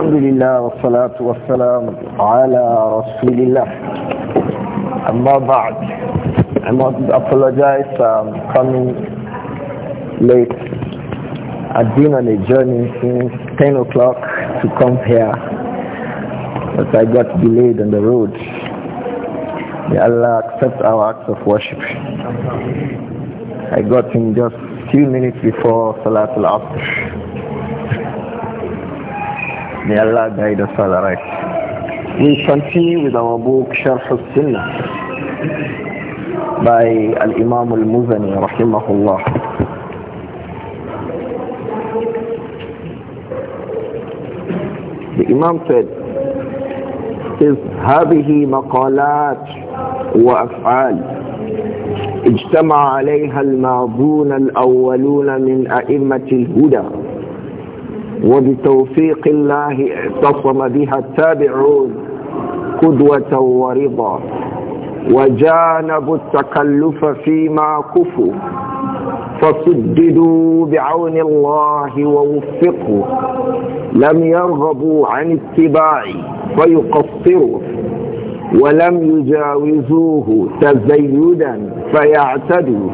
الحمد لله والصلاة والسلام على رسول الله أما بعد I must apologize for coming late I've been on a journey since 10 o'clock to come here but I got delayed on the road May Allah accept our acts of worship I got in just few minutes before Salatul Asr May Allah guide us all right. We continue with our book Sharh al-Sunnah by Al-Imam Al-Muzani rahimahullah. The Imam said, is هذه مقالات وأفعال اجتمع عليها الماضون الأولون من أئمة الهدى وبتوفيق الله اعتصم بها التابعون قدوة ورضا وجانبوا التكلف فيما كفوا فسددوا بعون الله ووفقوا لم يرغبوا عن اتباع فيقصروا ولم يجاوزوه تزيدا فيعتدوا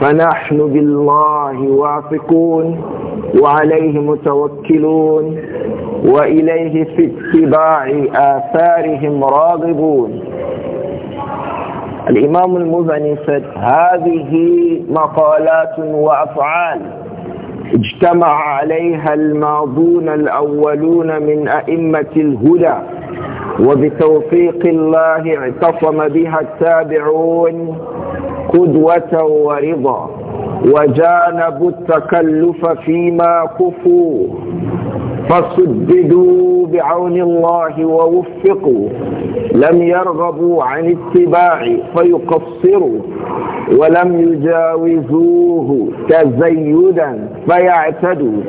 فنحن بالله واثقون وعليه متوكلون وإليه في اتباع آثارهم راغبون الإمام المزني قال هذه مقالات وأفعال اجتمع عليها الماضون الأولون من أئمة الهدى وبتوفيق الله اعتصم بها التابعون قدوة ورضا وجانبوا التكلف فيما كفوا فصددوا بعون الله ووفقوا لم يرغبوا عن اتباع فيقصروا ولم يجاوزوه تزيدا فيعتدوا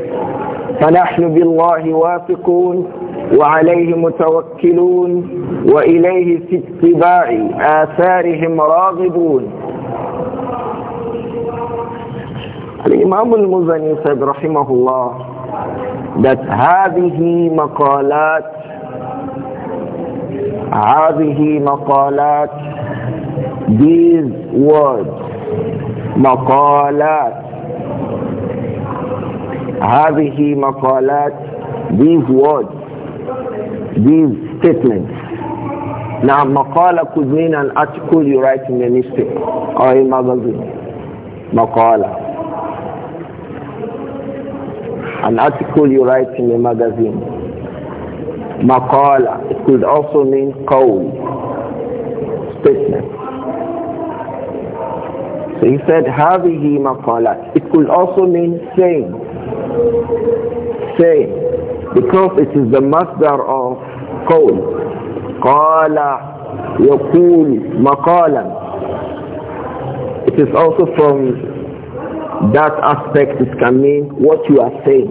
فنحن بالله واثقون وعليه متوكلون وإليه في اتباع آثارهم راغبون الإمام المزني said رحمه الله that هذه مقالات هذه مقالات these words مقالات هذه مقالات these words these statements now مقالة could mean an article you write in a newspaper or a magazine مقالة an article you write in a magazine. Makala it could also mean call, statement. So he said, هذه makala?" It could also mean saying. Saying. Because it is the master of call. قال يقول مقالا. It is also from that aspect it can mean what you are saying.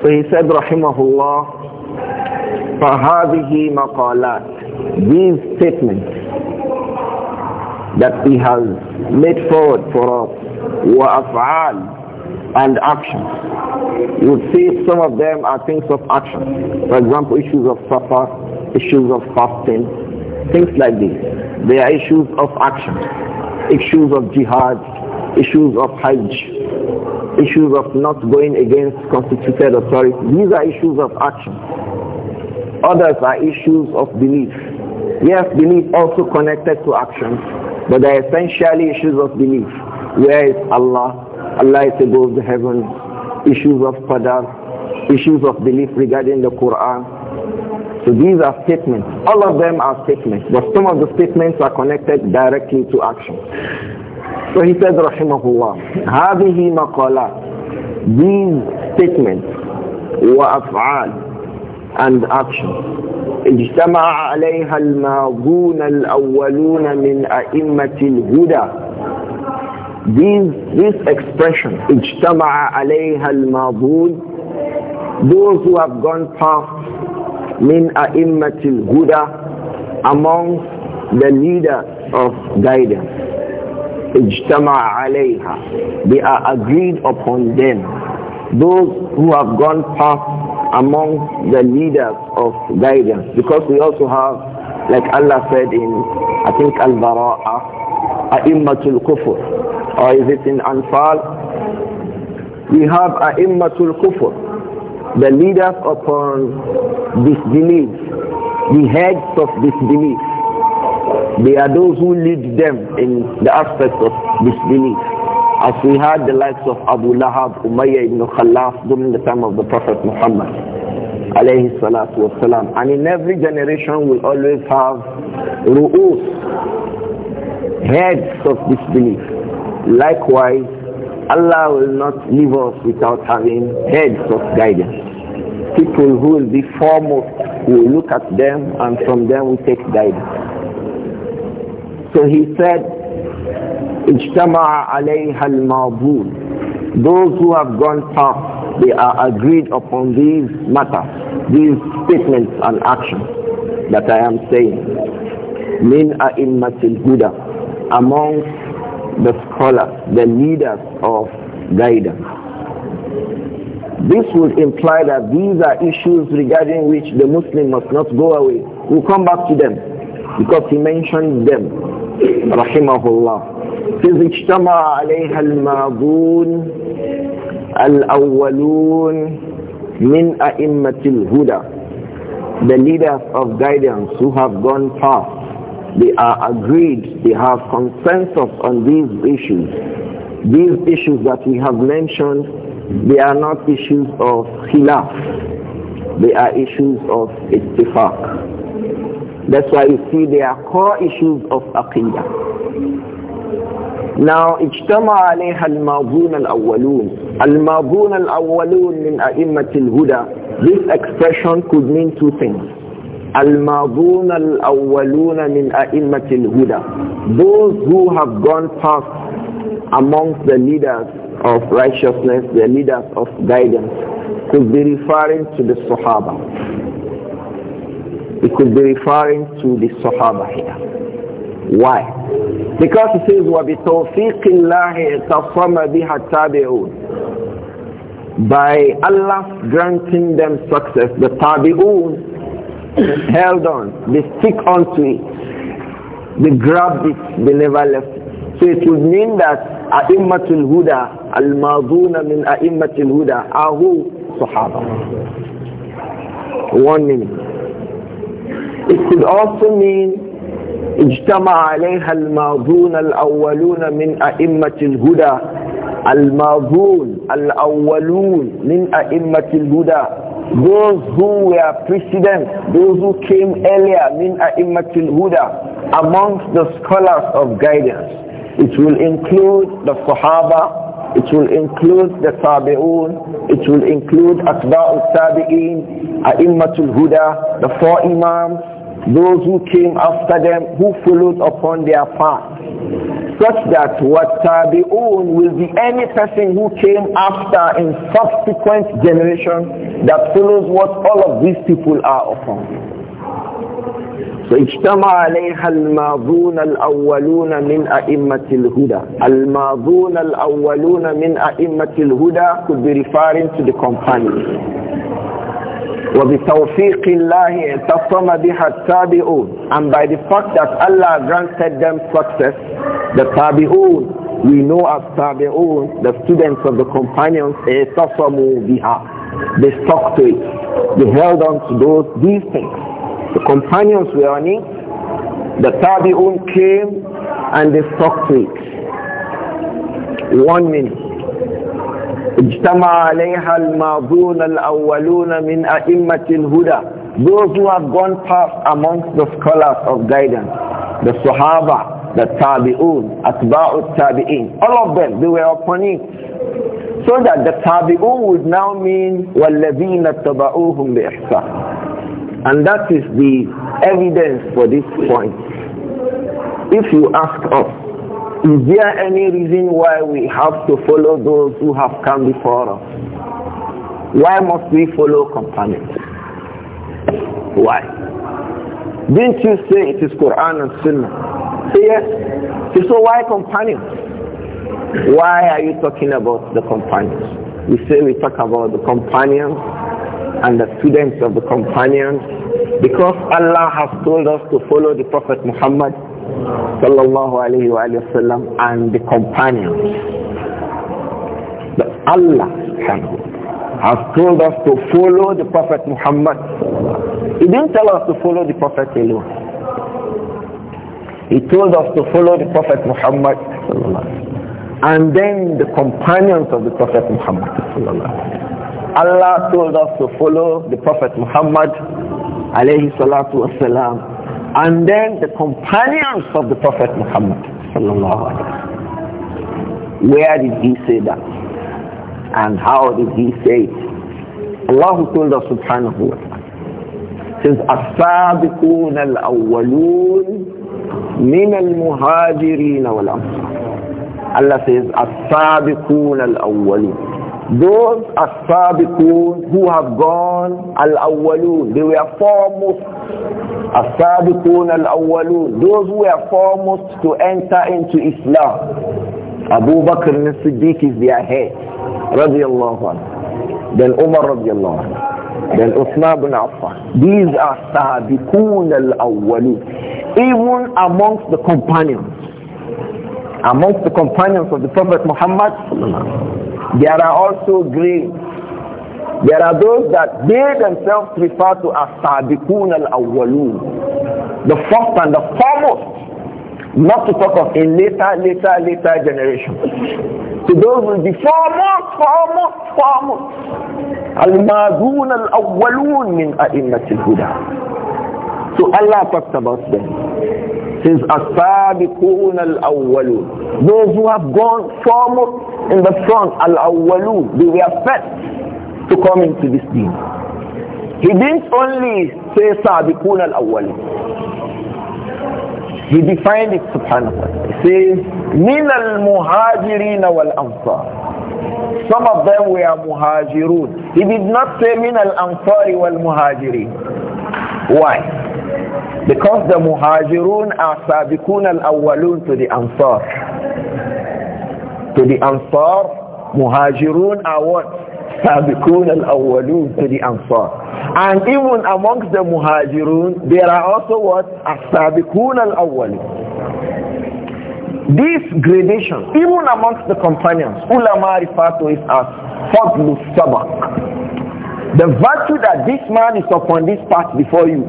So he said, Rahimahullah, فَهَذِهِ مَقَالَاتِ These statements that he has made forward for us وَأَفْعَالِ and actions. You would see some of them are things of action. For example, issues of supper, issues of fasting, things like this. They are issues of action, issues of jihad, issues of Hajj, issues of not going against constituted authority. These are issues of action. Others are issues of belief. Yes, belief also connected to action, but they are essentially issues of belief. Where is Allah? Allah is above the heavens. Issues of qadar, issues of belief regarding the Quran. So these are statements. All of them are statements, but some of the statements are connected directly to action. So he said, Rahimahullah, هذه مقالات, these statements, وأفعال, and actions. اجتمع عليها الماضون الأولون من أئمة الهدى these, this expression, اجتمع عليها الماضون, those who have gone past من أئمة الهدى among the leaders of guidance they are agreed upon them those who have gone past among the leaders of guidance because we also have like Allah said in I think Al-Bara'a A'immatul Kufur or is it in Anfal we have A'immatul Kufur the leaders upon disbelief the heads of disbelief they are those who lead them in the aspect of disbelief. As we had the likes of Abu Lahab, Umayyah ibn Khalaf during the time of the Prophet Muhammad. Alayhi salatu wasalam. And in every generation will always have ru'us, heads of disbelief. Likewise, Allah will not leave us without having heads of guidance. People who will be foremost, we will look at them and from them we take guidance. So he said, Those who have gone past, they are agreed upon these matters, these statements and actions that I am saying. in Masjid الهدى among the scholars, the leaders of guidance. This would imply that these are issues regarding which the Muslim must not go away. We'll come back to them because he mentioned them rahimahullah says اجتمع عليها الماضون الأولون من أئمة الهدى the leaders of guidance who have gone past they are agreed they have consensus on these issues these issues that we have mentioned they are not issues of khilaf they are issues of ittifaq that's why you see there are core issues of aqidah. Now, اجتمع عليها الماضون الأولون الماضون الأولون من أئمة الهدى This expression could mean two things. الماضون الأولون من أئمة الهدى Those who have gone past amongst the leaders of righteousness, the leaders of guidance, could be referring to the Sahaba. It could be referring to the Sahaba here. Why? Because it says, وَبِتَوْفِيقِ اللَّهِ اِتَصَمَ بِهَا التَّابِعُونَ By Allah granting them success, the tabi'un held on, they stick onto it, they grabbed it, they never left it. So it would mean that A'immatul Huda, Al-Maduna min A'immatul Huda, ahu Sahaba. One minute. It could also mean اجتمع عليها الماضون الأولون من أئمة الهدى الماضون الأولون من أئمة الهدى those who were precedent, those who came earlier, من ائمة huda, amongst the scholars of guidance. It will include the Sahaba, it will include the Tabi'un, it will include اتباع التابعين ائمة Huda, the four Imams, those who came after them who followed upon their path such that what tabi'un will be any person who came after in subsequent generation that follows what all of these people are upon. فاجتمع عليها الماضون الأولون من أئمة الهدى الماضون الأولون من أئمة الهدى could be referring to the companions وَبِتَوْفِيقِ اللَّهِ اعتصم بِهَا التَّابِعُونَ And by the fact that Allah granted them success, the tabi'un, we know as tabi'un, the students of the companions, اعتصموا بِهَا They stuck to it. They held on to those, these things. The companions were on it. The tabi'un came and they stuck to it. One minute. اجتمع عليها الماضون الأولون من أئمة الهدى those who have gone past amongst the scholars of guidance the Sahaba the Tabi'un Atba'u Tabi'in all of them they were upon it so that the Tabi'un would now mean وَالَّذِينَ اتَّبَعُوهُمْ بِإِحْسَانٍ and that is the evidence for this point if you ask us is there any reason why we have to follow those who have come before us? Why must we follow companions? Why? Didn't you say it is Quran and Sunnah? Say yes. So why companions? Why are you talking about the companions? We say we talk about the companions and the students of the companions because Allah has told us to follow the Prophet Muhammad sallallahu alayhi wa and the companions. But Allah has told us to follow the Prophet Muhammad. He didn't tell us to follow the Prophet alone. He told us to follow the Prophet Muhammad and then the companions of the Prophet Muhammad. Allah told us to follow the Prophet Muhammad alayhi salatu wasalam, and then the companions of the Prophet Muhammad sallallahu alayhi Where did he say that? And how did he say it? Allah told us subhanahu wa ta'ala, says, السابقون الأولون من المهاجرين والأنصار Allah says, السابقون الأولون those as-sabiqun who have gone al-awwalun, they were foremost. As-sabiqun al-awwalun, those who were foremost to enter into Islam. Abu Bakr as Siddiq is their head. Radiallahu anhu. Then Umar radiallahu anhu. Then Uthman bin Affan. These are sabiqun al-awwalun. Even amongst the companions amongst the companions of the Prophet Muhammad, there are also great. There are those that they themselves refer to as Sadiqun al-Awwalun, the first and the foremost, not to talk of a later, later, later generation. so those will be foremost, foremost, foremost. Al-Madun al-Awwalun min A'immat huda So Allah talks about them says Asabiqun al-awwalun those who have gone foremost in the front al-awwalun they were first to come into this deen he didn't only say Asabiqun al-awwalun he defined it subhanahu wa ta'ala says min al-muhajirin wal-ansar some of them were muhajirun he did not say min al-ansar wal-muhajirin why because the muhajirun are sabiqun al-awwalun to the ansar. To the ansar, muhajirun are what? Sabiqun al-awwalun to the ansar. And even amongst the muhajirun, there are also what? As-sabiqun al-awwalun. This gradation, even amongst the companions, ulama refer to it as fadlu sabak. The virtue that this man is upon this path before you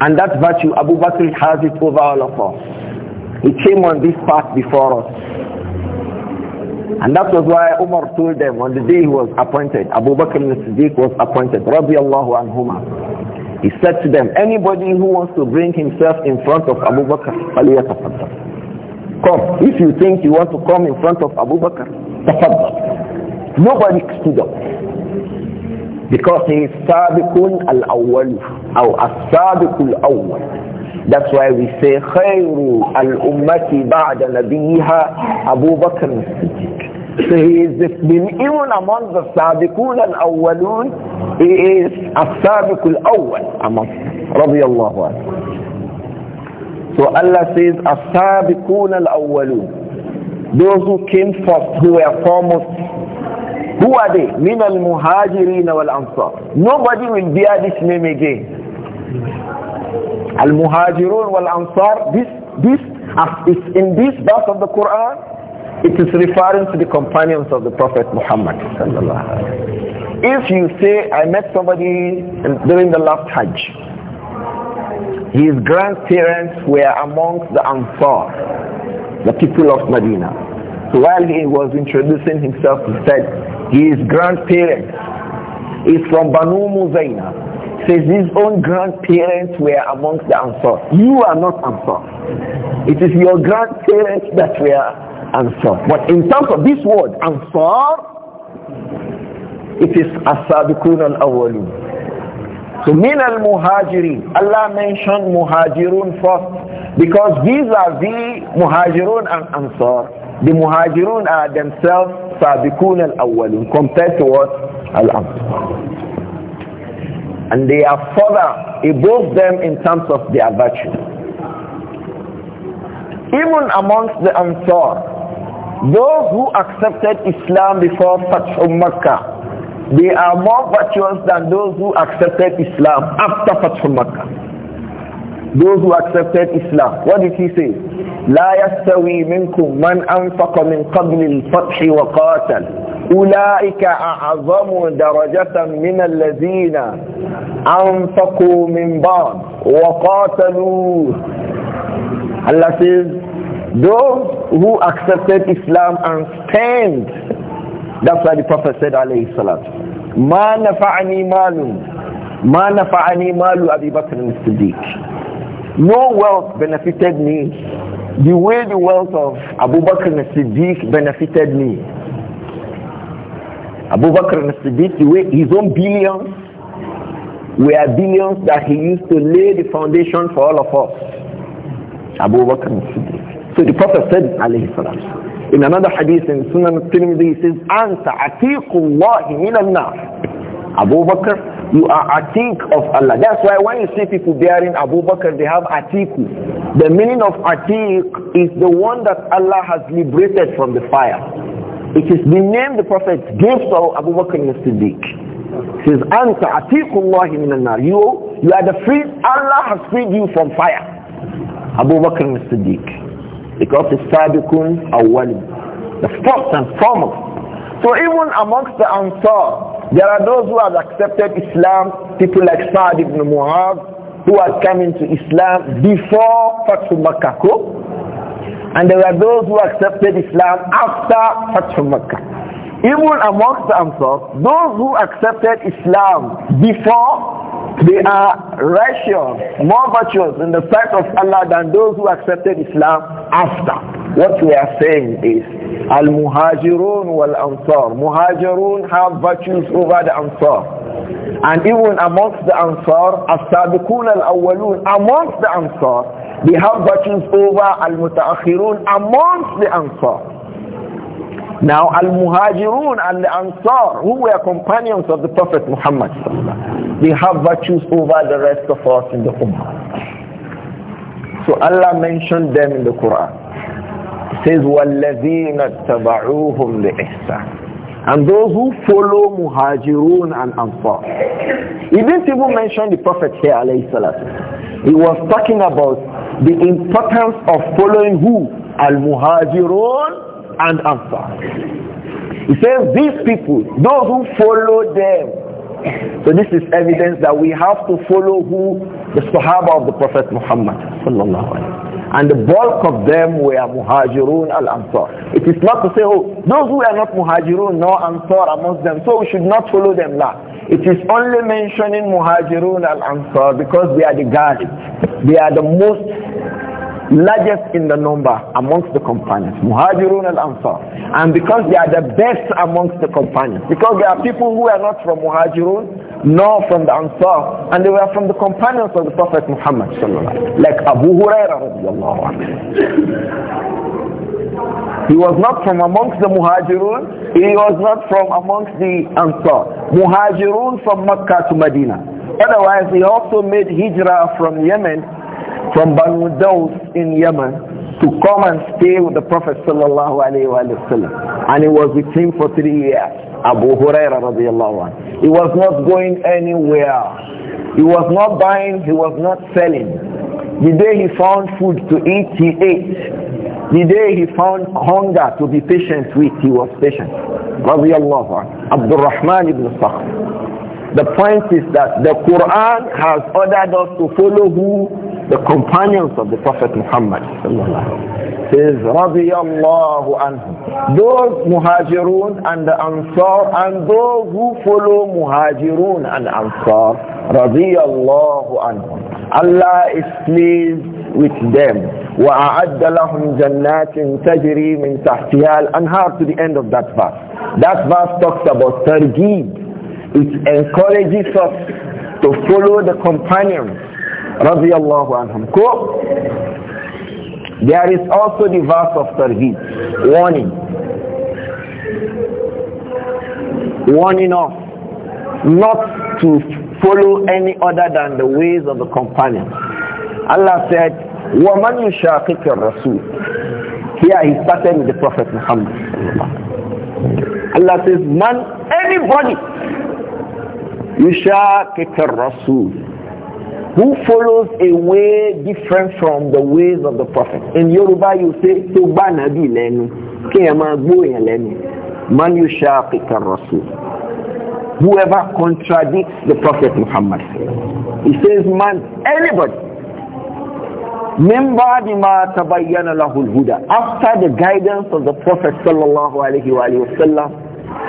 and that virtue, Abu Bakr has it over all of us. He came on this path before us. And that was why Umar told them on the day he was appointed, Abu Bakr al-Siddiq was appointed, radiallahu anhuma. He said to them, anybody who wants to bring himself in front of Abu Bakr, come. If you think you want to come in front of Abu Bakr, tafaddal. Nobody stood up. Because he is sabiqun al-awwal, or as sabiqul awwal. That's why we say khayru al-ummati ba'da nabiha Abu Bakr as-Siddiq. So he is been even among the sabiqun al-awwalun, he is as-sabiq al-awwal among radiyallahu anhu. So Allah says as-sabiqun al-awwalun. Those who came first, who were foremost Who are they? Min al muhajirin wal ansar. Nobody will bear this name again. Al muhajirun wal ansar. This, this, is in this verse of the Quran. It is referring to the companions of the Prophet Muhammad If you say, I met somebody during the last Hajj, his grandparents were amongst the Ansar, the people of Medina. So while he was introducing himself, he said, his grandparents is from Banu Muzaina. Says his own grandparents were amongst the Ansar. You are not Ansar. It is your grandparents that were Ansar. But in terms of this word, Ansar, it is Asadukun al-Awwalun. So min al muhajirin Allah mentioned muhajirun first because these are the muhajirun and ansar. The muhajirun are themselves sabiqun al-awwalun compared to what? Al-amr. And they are further above them in terms of their virtue. Even amongst the Ansar, those who accepted Islam before Fatih Makkah, they are more virtuous than those who accepted Islam after Fatih Makkah those who accepted Islam. What did he say? لا يستوي منكم من أنفق من قبل الفتح وقاتل أولئك أعظم درجة من الذين أنفقوا من بعد وقاتلوا Allah says those who accepted Islam and stand that's why the Prophet said alayhi salatu ما نفعني مال ما نفعني مال أبي بكر الصديق no wealth benefited me the way the wealth of Abu Bakr as-Siddiq benefited me. Abu Bakr as-Siddiq, the way his own billions were billions that he used to lay the foundation for all of us. Abu Bakr siddiq So the Prophet said, alayhi salam, in another hadith in Sunan al-Tirmidhi, he says, أَنْتَ عَتِيقُ اللَّهِ مِنَ النَّارِ Abu Bakr you are atik of Allah. That's why when you see people bearing Abu Bakr, they have atiku. The meaning of atik is the one that Allah has liberated from the fire. It is the name the Prophet gave to Abu Bakr as-Siddiq. His answer, Anta You, you are the free, Allah has freed you from fire. Abu Bakr as-Siddiq. Because it's sadiqun awwalim. The first and foremost. So even amongst the Ansar, there are those who have accepted Islam, people like Sa'd ibn Mu'adh, who had come into Islam before Fathu Makkah. And there were those who accepted Islam after Fathu Makkah. Even amongst themselves, those who accepted Islam before they are righteous, more virtuous in the sight of Allah than those who accepted Islam after. What we are saying is Al-Muhajirun wal-Ansar. Muhajirun have virtues over the Ansar. And even amongst the Ansar, As-Sabiqun al-Awwalun, amongst the Ansar, they have virtues over Al-Mutaakhirun amongst the Ansar. Now, Al-Muhajirun and Ansar, who were companions of the Prophet Muhammad, they have virtues over the rest of us in the Ummah. So Allah mentioned them in the Quran. He says, وَالَّذِينَ اتَّبَعُوهُمْ بِإِحْسَانٍ and those who follow muhajirun and ansar. He didn't even mention the Prophet here, alayhi salatu. He was talking about the importance of following who? Al-muhajirun and answer. He says these people, those who follow them. So this is evidence that we have to follow who the Sahaba of the Prophet Muhammad and the bulk of them were muhajirun al-ansar. It is not to say, oh, those who are not muhajirun nor ansar amongst them, so we should not follow them lah. It is only mentioning muhajirun al-ansar because they are the guardians. They are the most largest in the number amongst the companions, Muhajirun al-Ansar. And because they are the best amongst the companions, because there are people who are not from Muhajirun, nor from the Ansar, and they were from the companions of the Prophet Muhammad like Abu Hurairah He was not from amongst the Muhajirun, he was not from amongst the Ansar. Muhajirun from Makkah to Medina. Otherwise, he also made hijrah from Yemen from Banu Daws in Yemen to come and stay with the Prophet sallallahu alaihi wasallam, And he was with him for three years. Abu Huraira radiallahu anhu. He was not going anywhere. He was not buying, he was not selling. The day he found food to eat, he ate. The day he found hunger to be patient with, he was patient. Radiallahu Abdul Rahman ibn Sakhr. The point is that the Quran has ordered us to follow who? The companions of the Prophet Muhammad. Says, radiyallahu anhum. Those muhajirun and the ansar and those who follow muhajirun and ansar, radiyallahu anhum. Allah is pleased with them. وَأَعَدَّ لَهُمْ جَنَّاتٍ تَجْرِي مِنْ تَحْتِهَا الْأَنْهَارُ To the end of that verse. That verse talks about targib it encourages us to follow the companion, radiyallahu anhum there is also the verse of tarhid warning warning us not to follow any other than the ways of the companion. allah said woman yushaqiq your rasul here he started with the prophet muhammad allah says man anybody يشاكك Rasul, who follows a way different from the ways of the prophet. In Yoruba you say tó bá nàbí lẹ́nu kí man yushaqiq rasul Whoever contradicts the prophet Muhammad. He says man, anybody. Member the ما تبين له Huda. after the guidance of the prophet sallallahu alaihi wasallam,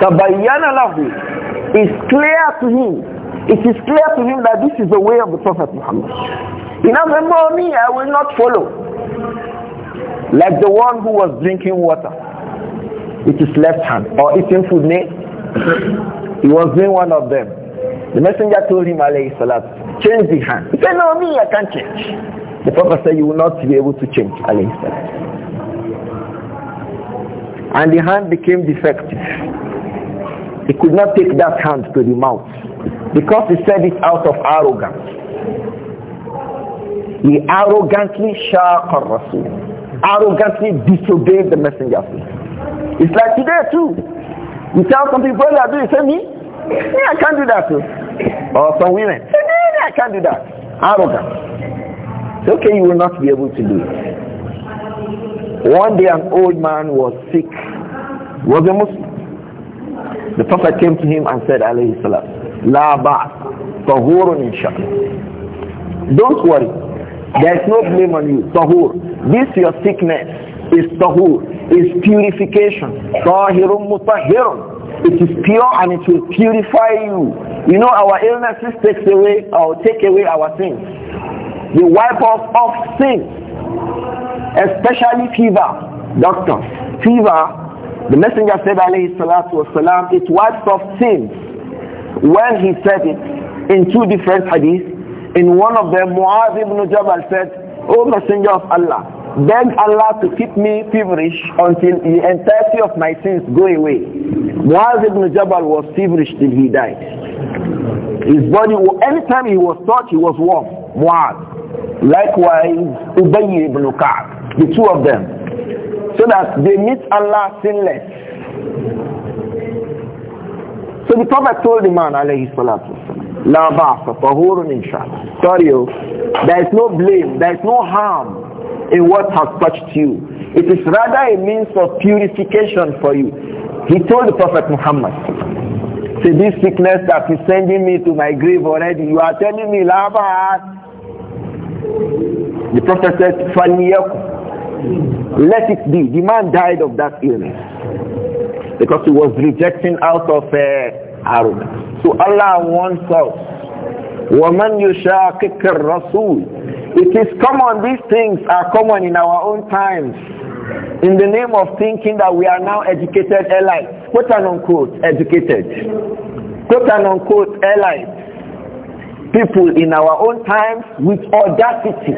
وآله وسلم تبين it's clear to him. It is clear to him that this is the way of the Prophet Muhammad. You know, remember me, I will not follow. Like the one who was drinking water with his left hand or eating food, nay. he was being one of them. The messenger told him, alayhi salat, change the hand. He said, no, me, I can't change. The prophet said, you will not be able to change, alayhi salat. And the hand became defective. He could not take that hand to the mouth because he said it out of arrogance. He arrogantly shakar rasul arrogantly disobeyed the messenger. It's like today too. You tell some people, brother, do you say me? Me? I can't do that too. Or some women, Me? I can't do that. Arrogant. It's okay, you will not be able to do it. One day an old man was sick, was a Muslim. The Prophet came to him and said, alayhi salam, La ba's, tahurun Don't worry. There is no blame on you. Tahur. This your sickness is tahur, is purification. Tahirun mutahirun. It is pure and it will purify you. You know our illnesses takes away or take away our sins. They wipe off off sins, especially fever. Doctor, fever the messenger said, alayhi salatu wasalam, it wipes off sins. When he said it in two different hadiths, in one of them, Muaz ibn Jabal said, O messenger of Allah, beg Allah to keep me feverish until the entirety of my sins go away. Muaz ibn Jabal was feverish till he died. His body, anytime he was touched, he was warm. Muaz. Likewise, Ubayy ibn Kaab. The two of them, so that they meet Allah sinless. So the Prophet told the man, alayhi salatu La ba'sa, tahurun oh, there is no blame, there is no harm in what has touched you. It is rather a means of purification for you. He told the Prophet Muhammad, "See this sickness that is sending me to my grave already, you are telling me la The Prophet said, let it be. The man died of that illness because he was rejecting out of uh, arrogance. So Allah wants us. وَمَنْ يُشَاقِقِ الرَّسُولِ It is common, these things are common in our own times in the name of thinking that we are now educated allies. Quote and unquote, educated. Quote and unquote, allies. People in our own times with audacity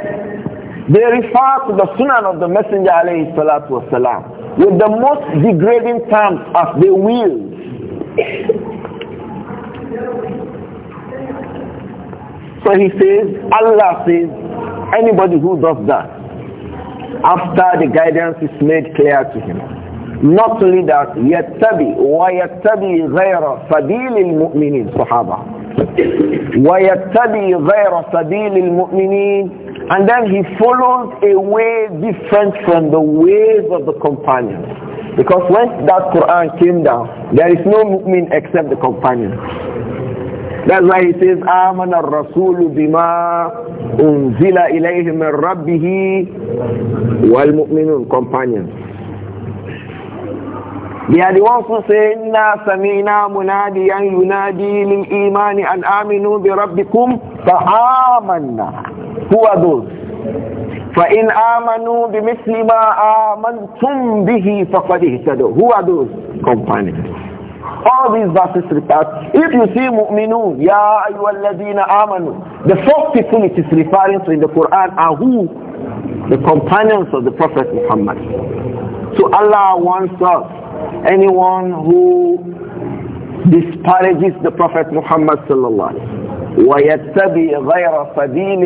they refer to the sunan of the Messenger alayhi salatu wasalam with the most degrading terms as they will. so he says, Allah says, anybody who does that, after the guidance is made clear to him, not only that, wa tabi وَيَتَّبِي غَيْرَ al mu'minin Sahaba. وَيَتَّبِي غَيْرَ سَبِيلِ الْمُؤْمِنِينَ And then he follows a way different from the ways of the companions. Because when that Quran came down, there is no mu'min except the companions. That's why he says, آمن الرسول بما أنزل إليه من ربه والمؤمنون companions. They are the ones who say, إِنَّا سَمِعْنَا مُنَادِيًا an لِلْإِيمَانِ bi آمِنُوا بِرَبِّكُمْ فَآمَنَّا Who are those? فَإِنْ آمَنُوا بِمِثْلِ مَا آمَنْتُمْ بِهِ فَقَدْ اِهْتَدُوا Who are those? Companions. All these verses refer If you see mu'minun, ya الذين آمنوا the first people it is referring to in the Quran are who? The companions of the Prophet Muhammad. So Allah wants us anyone who disparages the Prophet Muhammad sallallahu alaihi wasallam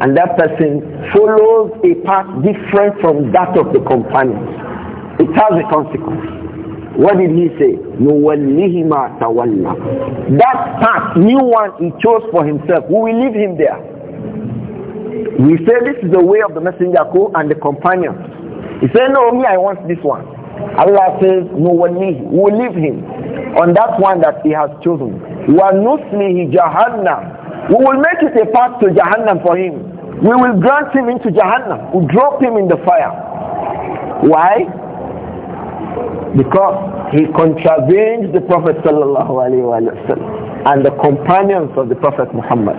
and that person follows a path different from that of the companions. It has a consequence. What did he say? That path, new one he chose for himself, we will leave him there. We say this is the way of the messenger and the companions. He said, no, me, I want this one. Allah says, one We will leave him on that one that he has chosen. وَنُسْلِهِ Jahannam, We will make it a path to Jahannam for him. We will grant him into Jahannam. We drop him in the fire. Why? Because he contravened the Prophet and the companions of the Prophet Muhammad.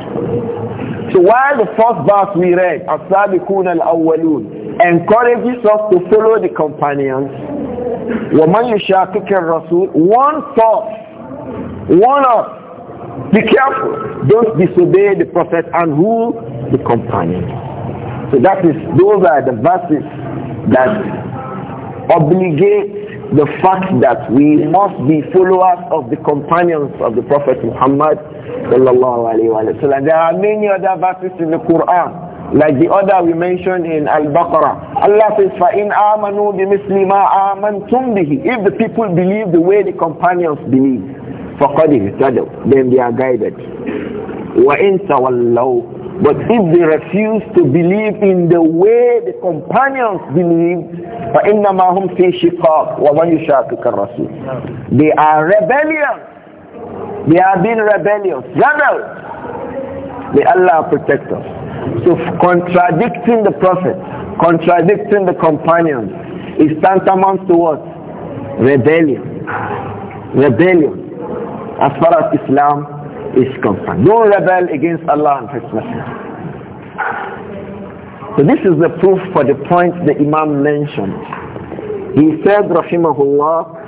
So while the first verse we read, al awwalun encourages us to follow the companions, وَمَنْ يُشَاكِكَ الرَّسُولِ One thought, one us. Be careful. Don't disobey the prophet and who? The companion. So that is, those are the verses that obligate the fact that we must be followers of the companions of the Prophet Muhammad sallallahu alaihi wasallam. There are many other verses in the Quran like the other we mentioned in Al-Baqarah. Allah says, فَإِنْ آمَنُوا بِمِثْلِ مَا آمَنْتُمْ بِهِ If the people believe the way the companions believe, فَقَدْ اهْتَدَوْا Then they are guided. وَإِنْ تَوَلَّوْا But if they refuse to believe in the way the companions believed, فَإِنَّمَا هُمْ فِي شِقَاقٍ وَمَنْ يُشَاقِقَ الرَّسُولِ They are rebellious. They have been rebellious. Rebels. May Allah protect us. So contradicting the Prophet, contradicting the companions is tantamount to what? Rebellion. Rebellion. As far as Islam is concerned. Don't rebel against Allah and His Messenger. So this is the proof for the point the Imam mentioned. He said, Rahimahullah,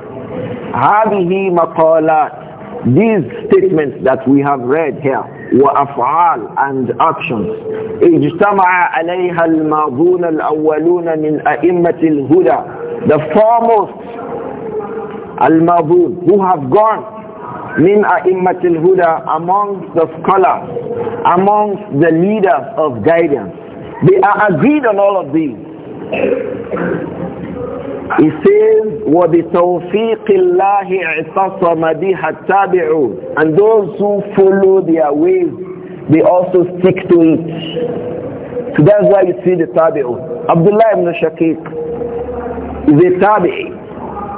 هذه مقالات these statements that we have read here وأفعال and actions اجتمع عليها الماضون الأولون من أئمة الهدى the foremost الماضون who have gone من أئمة الهدى among the scholars among the leaders of guidance they are agreed on all of these He says, وَبِتَوْفِيقِ اللَّهِ اعْتَصَمَ بِهَا التَّابِعُونَ And those who follow their ways, they also stick to it. So that's why you see the tabi'un. Abdullah ibn Shaqiq is a tabi'i.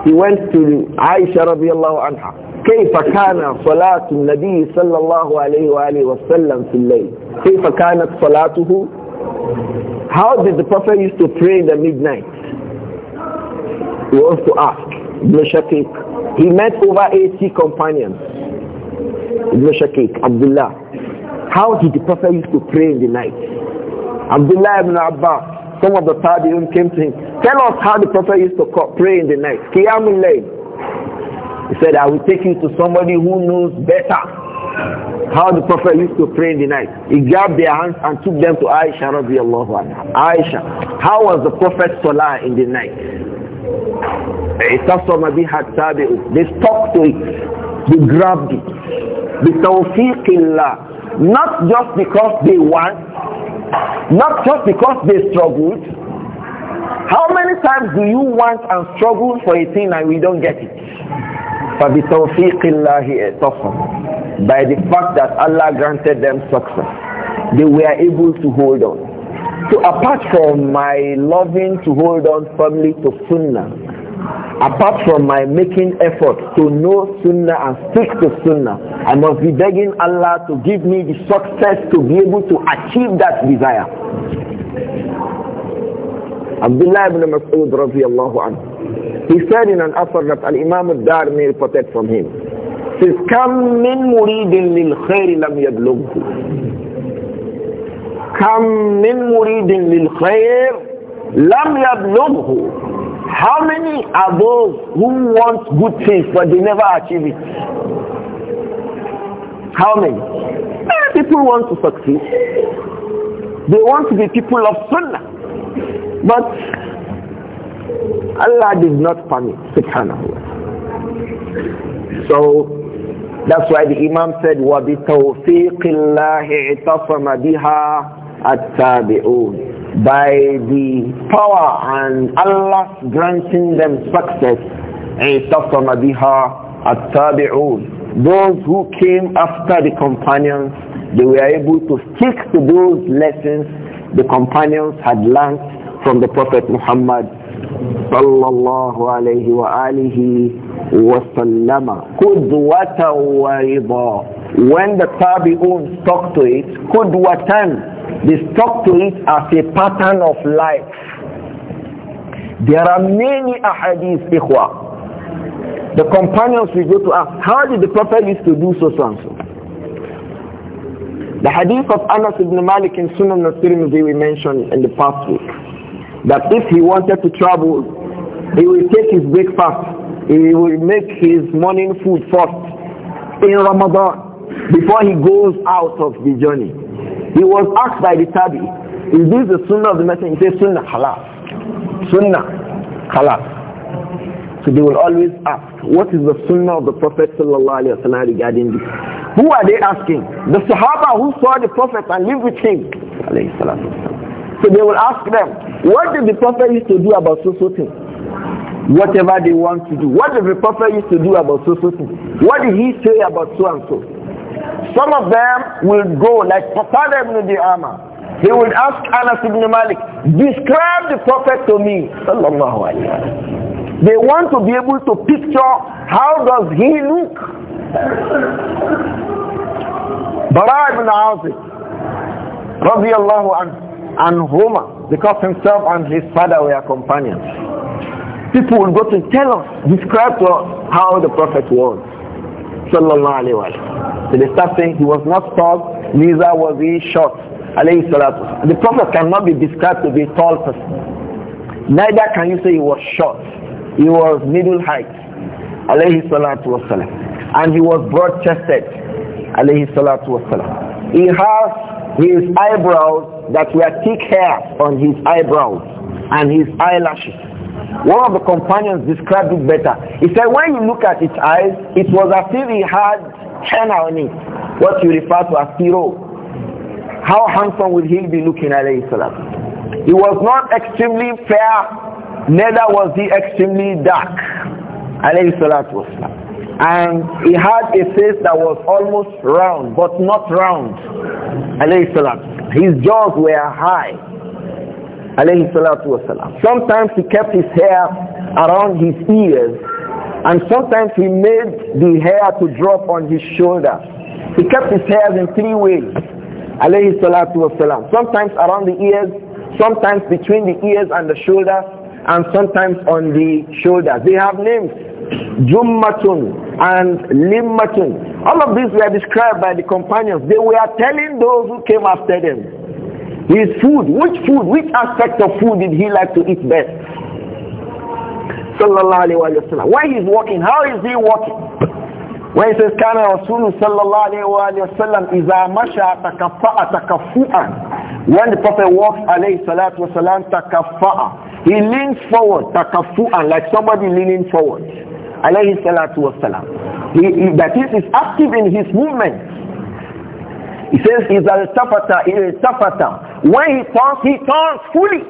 He went to Aisha radiallahu anha. كيف كان صلاة النبي صلى الله عليه وآله وسلم في الليل كيف كانت صلاته How did the Prophet used to pray in the midnight? He wants to ask. Ibn He met over 80 companions. Ibn Shakik, Abdullah. How did the Prophet used to pray in the night? Abdullah ibn Abbas, some of the Tabi'un came to him. Tell us how the Prophet used to pray in the night. He said, I will take you to somebody who knows better how the Prophet used to pray in the night. He grabbed their hands and took them to Aisha radiallahu anha. Aisha, how was the Prophet Salah in the night? They stuck to it. They grabbed it. Bitawfiqillah. Not just because they want, not just because they struggled. How many times do you want and struggle for a thing and we don't get it? Allah By the fact that Allah granted them success, they were able to hold on. So apart from my loving to hold on firmly to Sunnah, apart from my making efforts to know Sunnah and stick to Sunnah, I must be begging Allah to give me the success to be able to achieve that desire. Abdullah ibn Mas'ud radiallahu anhu he said in an effort that Al-Imam al may reported from him, says, كَمْ مِنْ مُرِيدٍ لِلْخَيْرِ لَمْ يَبْلُغْهُ كَمْ مِنْ مُرِيدٍ لِلْخَيْرِ How many are those who want good things but they never achieve it? How many? People want to succeed. They want to be people of sunnah. But Allah did not permit, subhanahu wa So, that's why the Imam said, وَبِتَوْفِيقِ اللَّهِ اِعْتَصَمَ بِهَا By the power and Allah's granting them success, اِعْتَصَمَ بِهَا التَّابِعُونَ Those who came after the companions, they were able to stick to those lessons the companions had learned from the Prophet Muhammad صلى الله عليه وآله وسلم قدوة ورضا when the tabi'un stuck to it قدوة they stuck to it as a pattern of life there are many ahadith ikhwa the companions we go to ask how did the prophet used to do so so and so the hadith of Anas ibn Malik in Sunan al-Tirmidhi we mentioned in the past week that if he wanted to travel, he will take his breakfast, he will make his morning food first in Ramadan before he goes out of the journey. He was asked by the Tabi, is this the sunnah of the messenger? He said, sunnah, halal. Sunnah, halal. So they will always ask, what is the sunnah of the Prophet sallallahu alaihi wasallam regarding this? Who are they asking? The Sahaba who saw the Prophet and lived with him. So they will ask them, what did the prophet used to do about so-so thing? Whatever they want to do. What did the prophet used to do about so-so thing? What did he say about so and so? Some of them will go like Qatada ibn Di'ama. He will ask Anas ibn Malik, describe the prophet to me. They want to be able to picture how does he look. Bara ibn Azib, radiallahu anhu and Homer because himself and his father were companions. People will go to tell us, describe to us how the Prophet was. Sallallahu alayhi wa So they start saying he was not tall, neither was he short. Alayhi salatu. The Prophet cannot be described to be a tall person. Neither can you say he was short. He was middle height. Alayhi salatu wasalam. And he was broad chested. Alayhi salatu wasalam. He has his eyebrows that were thick hair on his eyebrows and his eyelashes. One of the companions described it better. He said, when you look at his eyes, it was as if he had henna on it, what you refer to as piro. How handsome would he be looking, at salam? He was not extremely fair, neither was he extremely dark, And he had a face that was almost round, but not round alayhi salam. His jaws were high, alayhi salatu wasalam. Sometimes he kept his hair around his ears, and sometimes he made the hair to drop on his shoulder. He kept his hair in three ways, alayhi salatu wasalam. Sometimes around the ears, sometimes between the ears and the shoulder, and sometimes on the shoulder. They have names. Jummatun and Limmatun. All of these were described by the companions. They were telling those who came after them. His food, which food, which aspect of food did he like to eat best? Sallallahu alayhi wa sallam. When he's walking, how is he walking? When he says, كان رسول sallallahu alayhi عليه وآله وسلم إذا when the prophet walks alayhi salatu wasallam takafa'a he leans forward takafu'an like somebody leaning forward alayhi salatu wassalam. He, he, that is, is active in his movement. He says, is al-tafata, al-tafata. When he turns, he turns fully.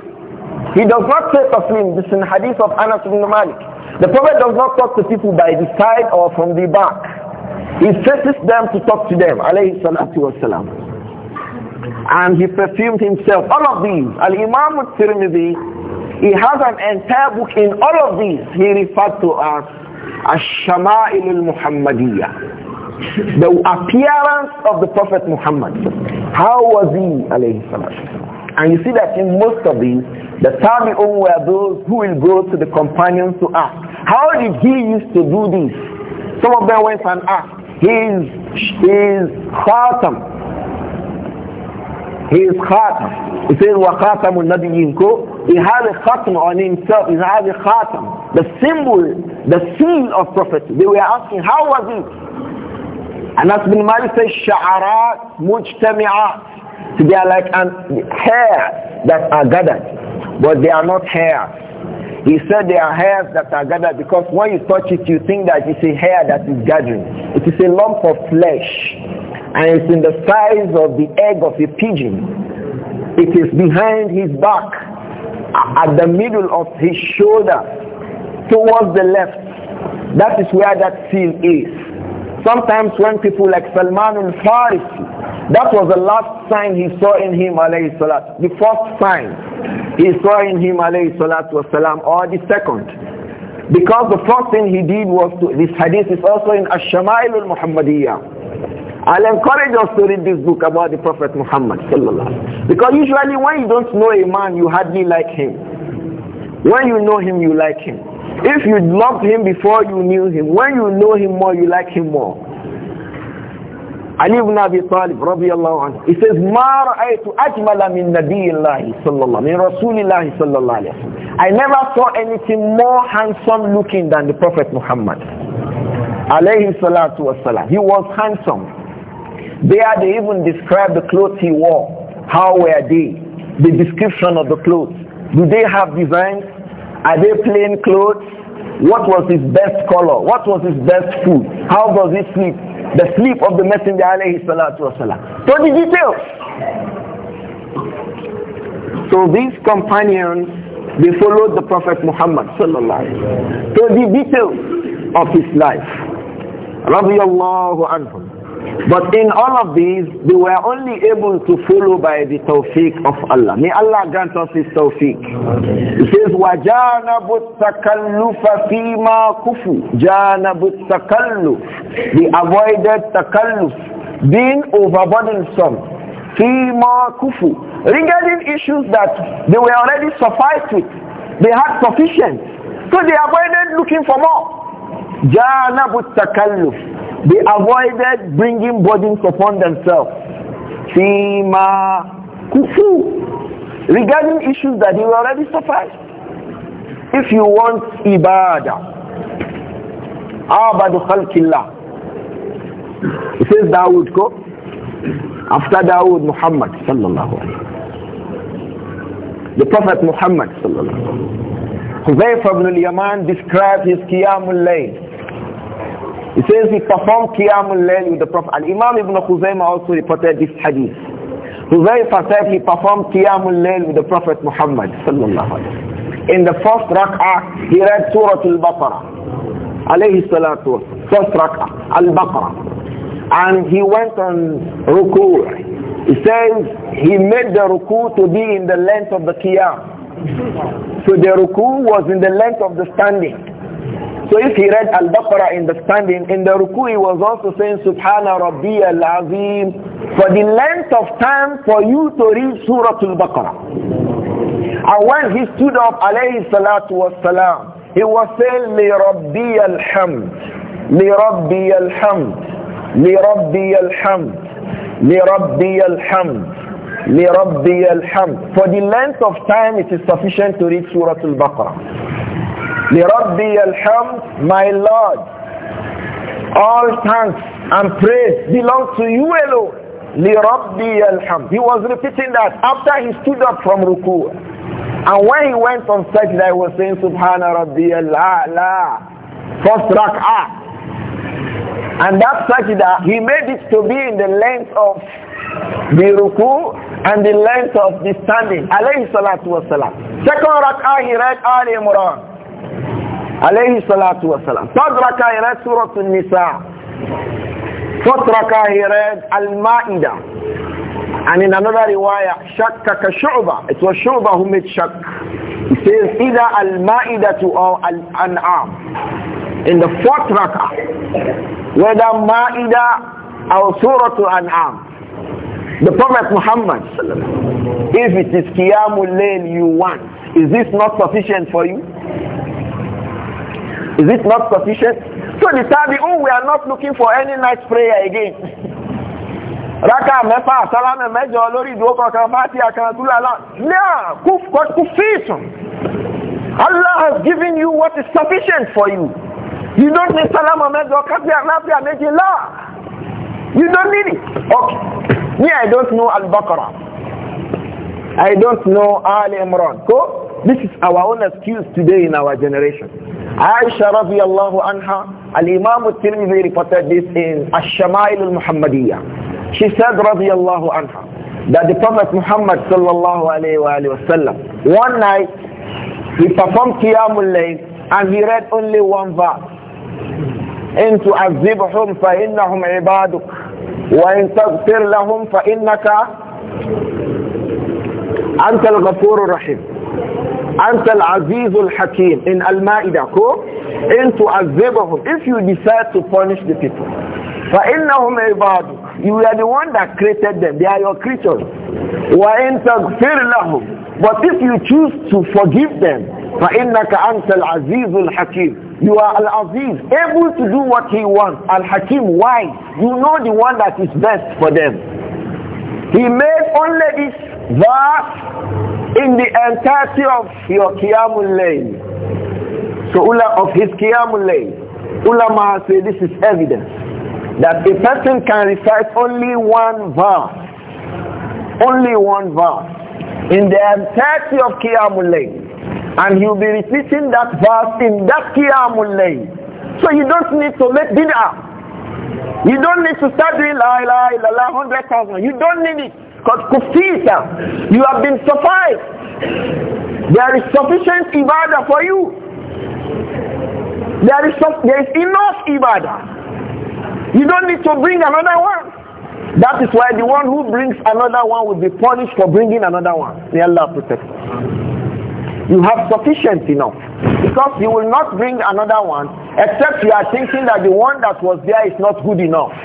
He does not say taslim. This is in hadith of Anas ibn Malik. The Prophet does not talk to people by the side or from the back. He faces them to talk to them, alayhi salatu wassalam. And he perfumed himself. All of these, Al-Imam al-Tirmidhi, he has an entire book in all of these he referred to us. Ash-Shama'il al-Muhammadiyah. The appearance of the Prophet Muhammad. How was he, alayhi And you see that in most of these, the Tabi'un were those who will go to the companions to ask, how did he used to do this? Some of them went and asked, his, his khatam, he is khatam. He says, وَخَاتَمُ النَّبِيِّينَ ko. He had a khatam on himself. He had a khatam. The symbol, the seal of prophecy. They were asking, how was it? as bin Malik says, "Sha'arat مُجْتَمِعَات. So they are like an hair that are gathered, but they are not hair. He said there are hairs that are gathered because when you touch it, you think that it's a hair that is gathering. It is a lump of flesh and it's in the size of the egg of a pigeon. It is behind his back, at the middle of his shoulder, towards the left. That is where that seal is. Sometimes when people like Salman al-Farisi, that was the last sign he saw in him, alayhi salat. The first sign he saw in him, alayhi salat was salam, or the second. Because the first thing he did was to, this hadith is also in Ash-Shama'il al muhammadiyah I'll encourage us to read this book about the Prophet Muhammad sallallahu Because usually when you don't know a man, you hardly like him. When you know him, you like him. If you loved him before you knew him, when you know him more, you like him more. Ali ibn Abi Talib radiyallahu anhu. He says, "Ma ra'aytu ajmala min nabiyillahi sallallahu min rasulillahi sallallahu alayhi wasallam." I never saw anything more handsome looking than the Prophet Muhammad alayhi salatu wasalam. He was handsome. There they even describe the clothes he wore. How were they? The description of the clothes. Do they have designs? Are they plain clothes? What was his best color? What was his best food? How does he sleep? the sleep of the messenger alayhi salatu wasalam to the details so these companions they followed the prophet muhammad sallallahu to the details of his life radiyallahu anhum but in all of these, they were only able to follow by the tawfiq of Allah. May Allah grant us His tawfiq. It says, وَجَانَبُ التَّكَلُّفَ فِي مَا كُفُوا جَانَبُ التَّكَلُّفِ They avoided takalluf, being overburdensome. فِي مَا kufu. Regarding issues that they were already sufficed with. They had sufficient. So they avoided looking for more. جَانَبُ التَّكَلُّفِ they avoided bringing burdens upon themselves. Sima kufu. Regarding issues that you already suffered. If you want ibadah, abadu khalqillah. It says Dawood go. After Dawood, Muhammad sallallahu alaihi the Prophet Muhammad Huzayf ibn al-Yaman described his Qiyamul Layl it says he performed Qiyamul Layl with the Prophet. And Imam Ibn Khuzaimah also reported this hadith. Huzaifa said he performed Qiyamul Layl with the Prophet Muhammad In the first rak'ah, he read Surah Al-Baqarah. Alayhi salatu First rak'ah, Al-Baqarah. And he went on ruku'. He says he made the ruku' to be in the length of the Qiyam. So the ruku' was in the length of the standing. So if he read Al-Baqarah in the standing, in the ruku he was also saying Subhana Rabbi Al-Azim for the length of time for you to read Surah Al-Baqarah. And when he stood up, alayhi salatu was salam, he was saying Li Rabbi Al-Hamd, Li Rabbi Al-Hamd, Li Rabbi Al-Hamd, Li Rabbi Al-Hamd. لربي الحمد for the length of time it is sufficient to read Surah Al-Baqarah لِرَبِّي الْحَمْدِ My Lord, all thanks and praise belong to you alone. لِرَبِّي الْحَمْدِ He was repeating that after he stood up from ruku. And when he went on sajda, he was saying, Subhanallah, Rabbi al First rak'ah. And that sajda, he made it to be in the length of the ruku and the length of the standing. Alayhi salatu wasalam. Second rak'ah, he read Ali Imran alayhi salatu wasalam. Third rakah read Surah An-Nisa. Fourth rakah read Al-Ma'idah. And in another riwayah, shakka Shu'ba. It was Shu'ba who made Shak. He says either Al-Ma'idah to or Al-An'am. In the fourth rakah, whether Ma'idah or Surah Al-An'am. The Prophet Muhammad, if it is Qiyamul Layl you want, is this not sufficient for you? Is it not sufficient? So the Tabi'un, we are not looking for any night prayer again. Raka mefa salame mejo lori duo kan fatia kan tulala. Yeah, kuf kot kufitun. Allah has given you what is sufficient for you. You don't need salama mejo kafia nafia meji la. You don't need it. Okay. Me, I don't know Al-Baqarah. I don't know Al Imran. Go. This is our own excuse today in our generation. Aisha radiallahu anha, Al-Imam al-Tirmidhi reported this in Ash-Shamail al-Muhammadiyah. She said radiallahu anha, that the Prophet Muhammad sallallahu alayhi wa, alayhi wa sallam, one night, he performed Qiyamul Layl and he read only one verse. إن تعذبهم فإنهم عبادك وإن تغفر لهم فإنك أنت الغفور الرحيم أنت العزيز الحكيم in Al-Ma'idah go in تعذبهم if you decide to punish the people فإنهم عبادك you are the one that created them they are your creatures وإن تغفر لهم but if you choose to forgive them فإنك أنت العزيز الحكيم you are Al-Aziz, able to do what he wants. Al-Hakim, why? You know the one that is best for them. He made only this that in the entirety of your Qiyamul Layl, so of his Qiyamul Layl, ulama say this is evidence that a person can recite only one verse, only one verse, in the entirety of Qiyamul Layl, and he'll be repeating that verse in that Qiyamul Layl. So you don't need to make bid'ah. You don't need to start doing la ilaha illallah 100,000. You don't need it. قد كفيت you have been sufficed there is sufficient ibadah for you there is there is enough ibadah you don't need to bring another one that is why the one who brings another one will be punished for bringing another one may Allah protect us you have sufficient enough because you will not bring another one except you are thinking that the one that was there is not good enough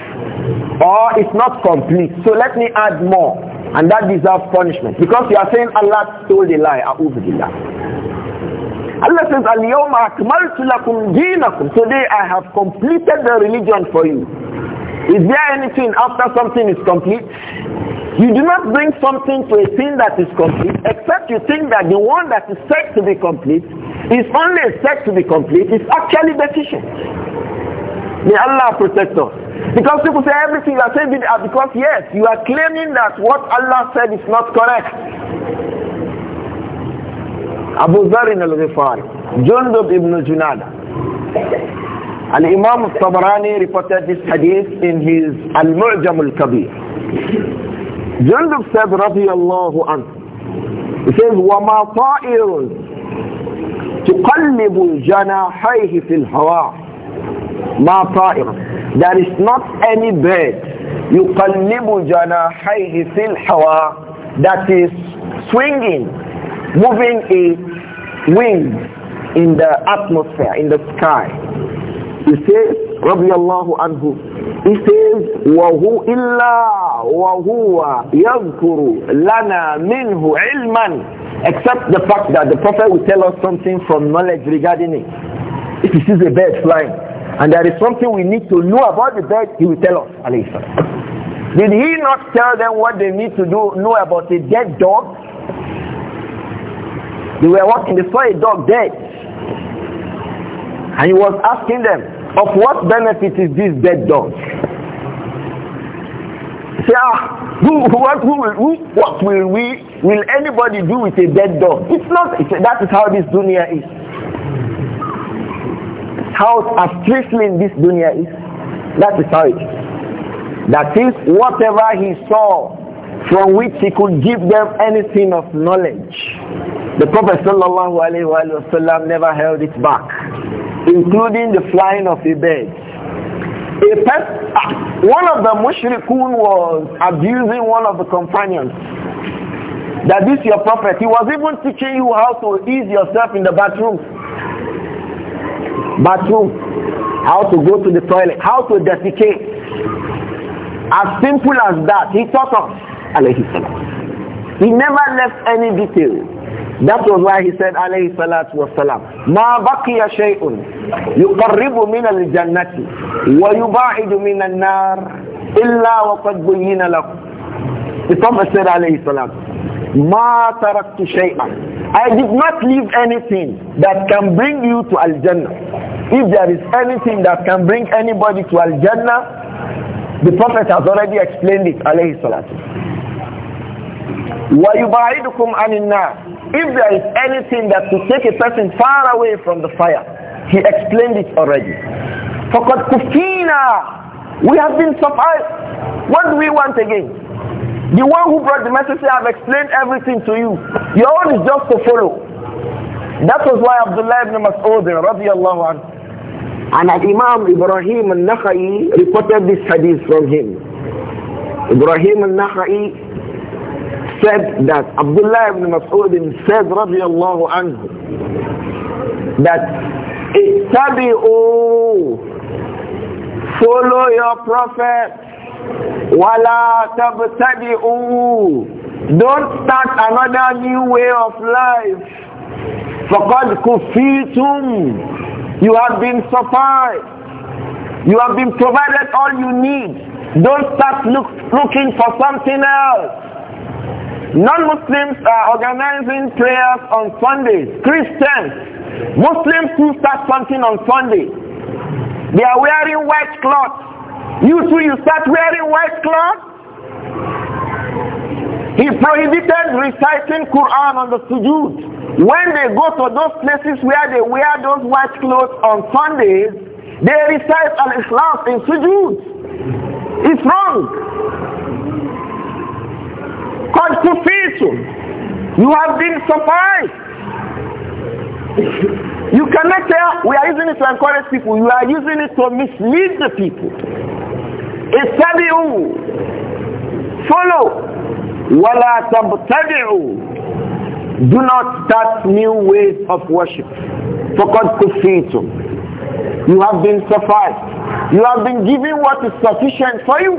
or it's not complete. So let me add more. And that deserves punishment. Because you are saying Allah told a lie. Allah says, Al-Yawma akmaltu Today I have completed the religion for you. Is there anything after something is complete? You do not bring something to a thing that is complete except you think that the one that is said to be complete is only said to be complete is actually deficient. May Allah protect us. Because people say everything you are saying because yes, you are claiming that what Allah said is not correct. Abu Zarin al-Ghifari, Jundub ibn Junada. Al-Imam al-Tabarani reported this hadith in his Al-Mu'jam al-Kabir. Jundub said, radiyallahu anhu, he says, وَمَا طَائِرٌ تُقَلِّبُ الْجَنَاحَيْهِ فِي الْهَوَىٰ مَا طَائِرٌ There is not any bird يُقَلِّبُ جَنَاحَيْهِ فِي الْهَوَىٰ that is swinging, moving a wing in the atmosphere, in the sky. He says, radiyallahu anhu, he says, وَهُ wa وَهُوَ يَذْكُرُ lana مِنْهُ عِلْمًا Except the fact that the Prophet will tell us something from knowledge regarding it. If he sees a bird flying, and there is something we need to know about the bird, he will tell us. Did he not tell them what they need to do, know about a dead dog? They were walking, they saw a dog dead. And he was asking them, of what benefit is this dead dog? Say, ah, who, what, who, who, what will we, will anybody do with a dead dog? It's not, it's, that is how this dunya is. How astrifling this dunya is, that is how it is. That is, whatever he saw from which he could give them anything of knowledge. The Prophet ﷺ never held it back, including the flying of a bird. A ah, one of the mushrikun was abusing one of the companions. That this your prophet, he was even teaching you how to ease yourself in the bathroom. Bathroom. How to go to the toilet. How to defecate. As simple as that. He taught us alayhi salam. He never left any detail. That was why he said alayhi salatu wa salam, ما بقي al-jannati من الجنة ويباعد من النار إلا وقد بين لكم. The Prophet said alayhi salam, ما تركت شيئا I did not leave anything that can bring you to Al-Jannah. If there is anything that can bring anybody to Al-Jannah, the Prophet has already explained it, alayhi salatu. وَيُبَعِدُكُمْ عَنِ النَّارِ If there is anything that to take a person far away from the fire, he explained it already. فَقَدْ كُفِينَا We have been supplied. What do we want again? The one who brought the message I've explained everything to you. Your own is just to follow. That was why Abdullah ibn Mas'ud radiallahu anhu. And Imam Ibrahim al-Nakhai reported this hadith from him. Ibrahim al-Nakhai said that Abdullah ibn Mas'ud said radiallahu anhu that ittabi'u follow your prophet wala tabtadi'u don't start another new way of life faqad kufitum you have been supplied you have been provided all you need don't start look, looking for something else Non-Muslims are organizing prayers on Sundays. Christians, Muslims who start something on Sunday. They are wearing white cloth. You too, you start wearing white cloth. He prohibited reciting Quran on the sujood. When they go to those places where they wear those white clothes on Sundays, they recite al-Islam in sujood. It's wrong. قد كفيتم you have been sufficed you cannot tell we are using it to encourage people you are using it to mislead the people اتبعوا follow ولا تبتدعوا do not start new ways of worship For فقد كفيتم you have been sufficed. You have been given what is sufficient for you.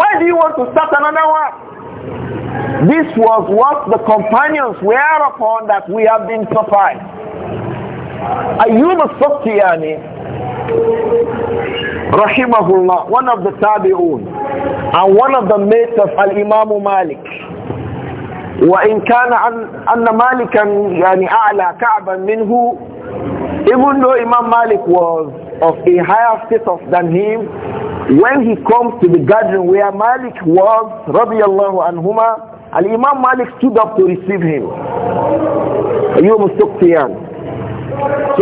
why do you want to start another one? This was what the companions were upon that we have been surprised. Ayyub al-Saftiyani, rahimahullah, one of the tabi'un, and one of the mates of al-Imam Malik. وإن كان أن مالكا يعني أعلى كعبا منه even though Imam Malik was of a higher status than him, when he comes to the garden where Malik was, radiyallahu anhuma, and Imam Malik stood up to receive him. Ayyum Suktiyan.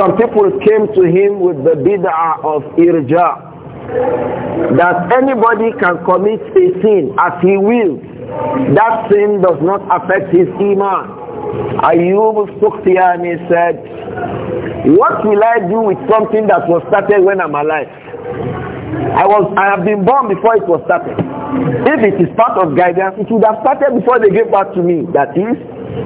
Some people came to him with the bid'ah of irja. That anybody can commit a sin as he will. That sin does not affect his iman. Ayub Sukhtiyani said, What will I do with something that was started when I'm alive? I was I have been born before it was started. If it is part of guidance, it would have started before they gave birth to me. That is,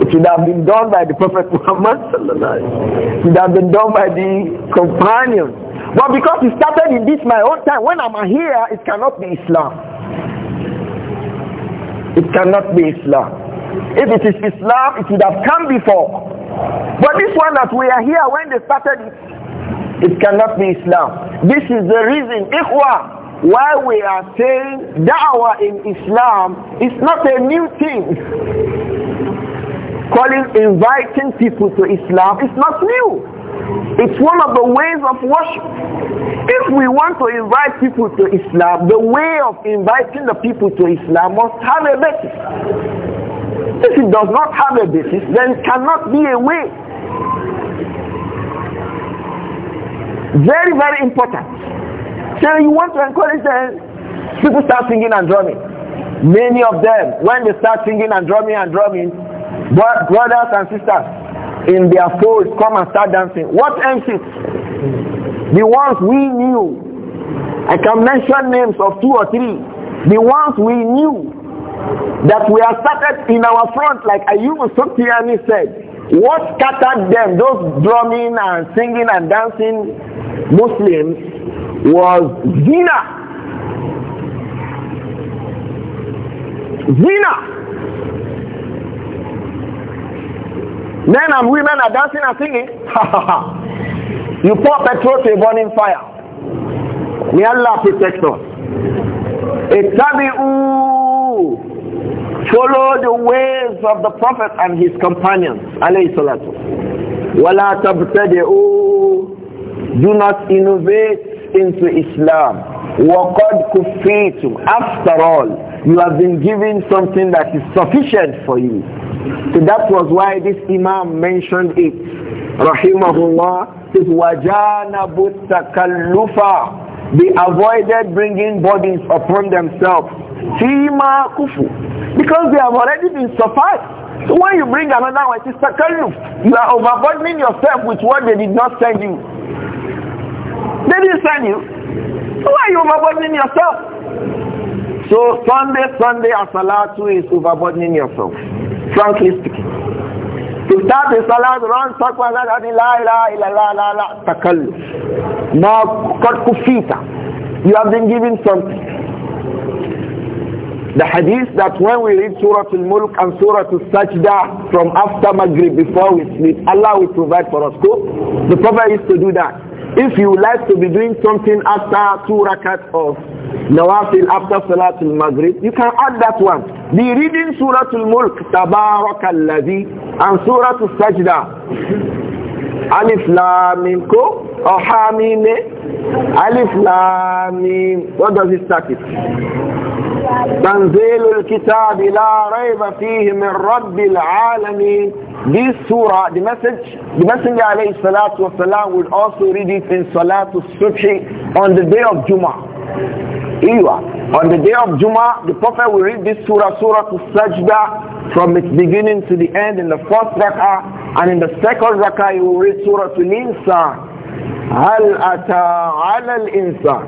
it would have been done by the Prophet Muhammad. It would have been done by the companions. But because it started in this my own time, when I'm here, it cannot be Islam. It cannot be Islam. If it is Islam, it would have come before. But this one that we are here when they started it, it cannot be Islam. This is the reason, ikhwa, why we are saying da'wah in Islam is not a new thing. Calling, inviting people to Islam is not new. It's one of the ways of worship. If we want to invite people to Islam, the way of inviting the people to Islam must have a basis. If it does not have a basis, then cannot be a way. Very, very important. So you want to encourage them, people start singing and drumming. Many of them, when they start singing and drumming and drumming, brothers and sisters in their folds come and start dancing. What ends The ones we knew. I can mention names of two or three. The ones we knew that we are started in our front, like Ayub Sufyani said. What scattered them, those drumming and singing and dancing Muslims, was zina. Zina. Men and women are dancing and singing. you pour petrol to a burning fire. May Allah protect us. It's Follow the ways of the Prophet and his companions. Alayhi salatu. Wala tabtadi'u. Do not innovate into Islam. وَقَدْ كُفِّيتُمْ After all, you have been given something that is sufficient for you. So that was why this Imam mentioned it. Rahimahullah, says, وَجَانَبُ التَّكَلُّفَ They avoided bringing bodies upon themselves. Fima Kufu. Because they have already been supplied. So when you bring another one, Sister Kaluf, you are overburdening yourself with what they did not send you. They didn't send you. So why are you overburdening yourself? So Sunday, Sunday, and Salatu is overburdening yourself. Frankly speaking. To start the salat, run, talk about that, la ilaha illallah, la la, takalluf. Now, qad kufita. You have been given something. The hadith that when we read Surah Al-Mulk and Surah Al-Sajda from after Maghrib before we sleep, Allah will provide for us. So the problem is to do that. If you like to be doing something after two rakat of nawafil after al Maghrib, you can add that one. Be reading Surah Al-Mulk, Tabarakallazi, and Surah Al-Sajda. Alif Lamim Ko or eh? Alif Lamim. What does it start with? تنزيل الكتاب لا ريب فيه من رب العالمين This surah, the message, the messenger alayhi salatu wasalam will also read it in salatu subhi on the day of Jummah. On the day of Jummah, the Prophet will read this surah, surah to sajda from its beginning to the end in the first rak'ah and in the second rak'ah he will read surah to insan هل أتى على الإنسان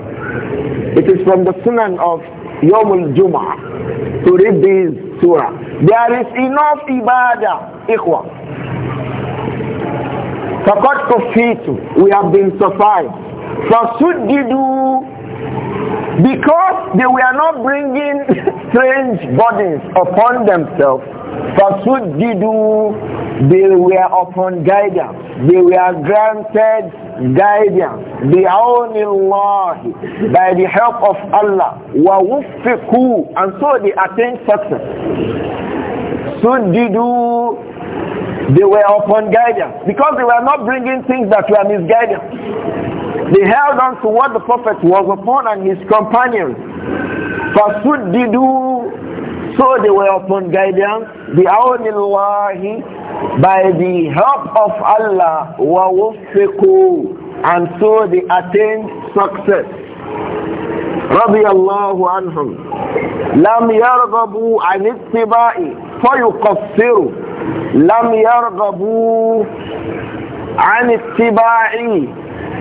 It is from the sunan of Yom Juma jumah to read this surah. There is enough ibadah, ikhwa. فَقَدْ كُفِّيتُ We have been sufficed. do? Because they were not bringing strange burdens upon themselves, Fasud Didu, they were upon guidance. They were granted guidance. Allah, by the help of Allah. and so they attained success. So Sudidu, they were upon guidance because they were not bringing things that were misguided. They held on to what the Prophet was upon and his companions. did do, so they were upon guidance. The Bi'awnillahi, by the help of Allah, wa and so they attained success. رضي الله عنهم لم يرغبوا عن اتباعي فيقصروا لم يرغبوا عن اتباع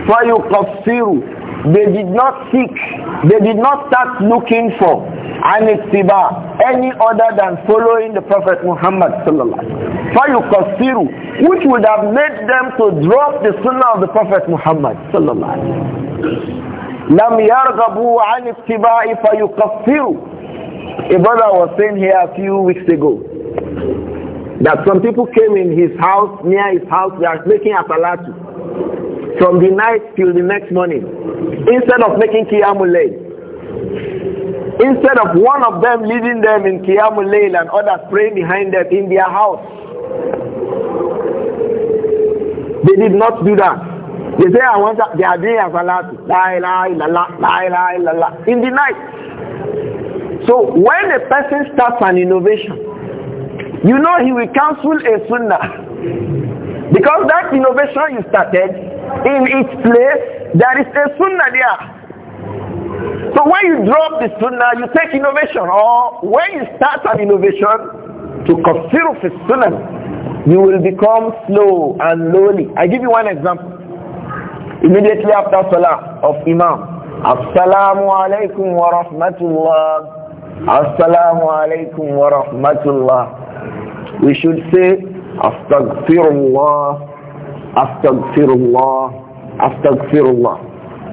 فيقصروا they did not seek they did not start looking for an ittiba any other than following the prophet muhammad sallallahu alaihi which would have made them to drop the sunnah of the prophet muhammad sallallahu alaihi lam yarghabu an ittiba'i a brother was saying here a few weeks ago that some people came in his house, near his house, they are making asalatu. From the night till the next morning. Instead of making kiyamulay. Instead of one of them leading them in kiyamulay and others praying behind them in their house. They did not do that. They say, I want that. They are doing Asalatu. La la la la la la In the night. So when a person starts an innovation, you know he will cancel a sunnah. Because that innovation you started, in its place, there is a sunnah there. So when you drop the sunnah, you take innovation. Or when you start an innovation, to kafiru the sunnah, you will become slow and lowly. I give you one example. Immediately after salah of imam, Assalamu alaikum wa rahmatullah. Assalamu alaikum wa rahmatullah. we should say astaghfirullah astaghfirullah astaghfirullah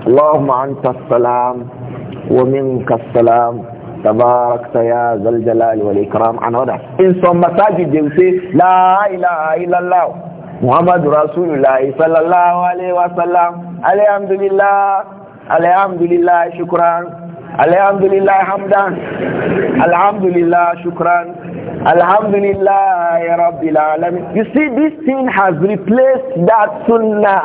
Allahumma anta salam wa minka salam tabarakta ya zal jalal wal ikram and others in some masajid they will say la ilaha illallah muhammad rasulullah sallallahu alaihi wasallam alhamdulillah alhamdulillah shukran alhamdulillah hamdan alhamdulillah shukran Alhamdulillah, Rabbi Alamin. You see, this thing has replaced that sunnah.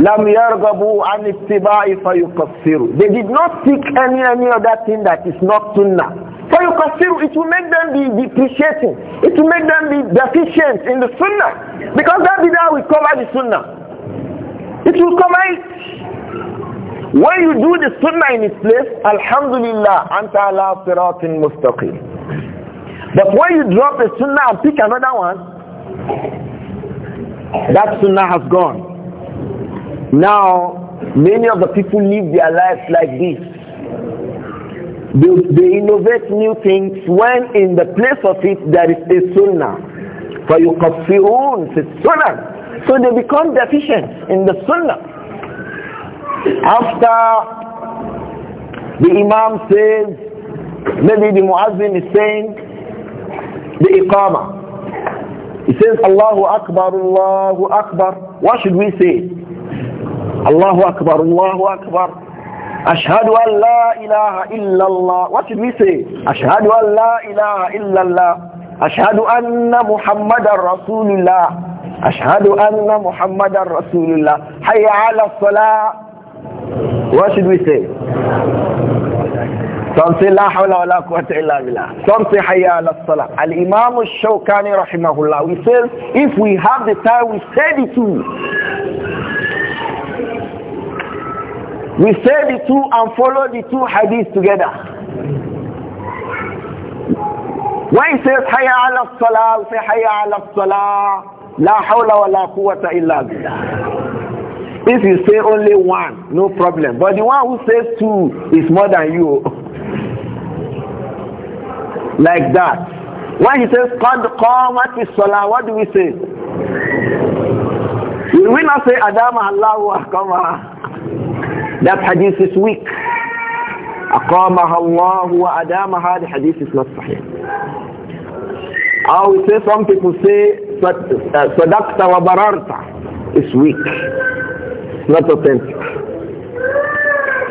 لم يرغبوا عن اتباع فيقصروا. They did not seek any any other thing that is not sunnah. فيقصروا it will make them be depreciating it will make them be deficient in the sunnah because that bid'ah will cover the sunnah it will cover it when you do the sunnah in its place, Alhamdulillah, anta ala siratin mustaqim. But when you drop the sunnah and pick another one, that sunnah has gone. Now, many of the people live their lives like this. They, they innovate new things when in the place of it there is a sunnah. فَيُقَفِّرُونَ فِي السُّنَّةِ So they become deficient in the sunnah after the imam says maybe the muazzin is saying the iqama he says allahu akbar allahu akbar what should we say allahu akbar allahu akbar ashhadu an la ilaha illa allah what should we say ashhadu an la ilaha illa allah ashhadu anna muhammadar rasulullah ashhadu anna muhammadar rasulullah hayya ala salat what should we say? Some say la hawla wa la quwwata illa billah. Some say hayya ala salah. Al Imam Shawkani rahimahullah. We say if we have the time we say the two. We say the two and follow the two hadiths together. When he says hayya ala salah, we say hayya ala salah. La hawla wa la quwwata illa billah. If you say only one, no problem. But the one who says two is more than you. like that. When he says, Qad qamat salah, what do we say? Will we not say, Adama Allahu akama? That hadith is weak. أقامها الله وأدامها هذا حديث is not صحيح أو say some people say صدقت وبررت is weak not authentic.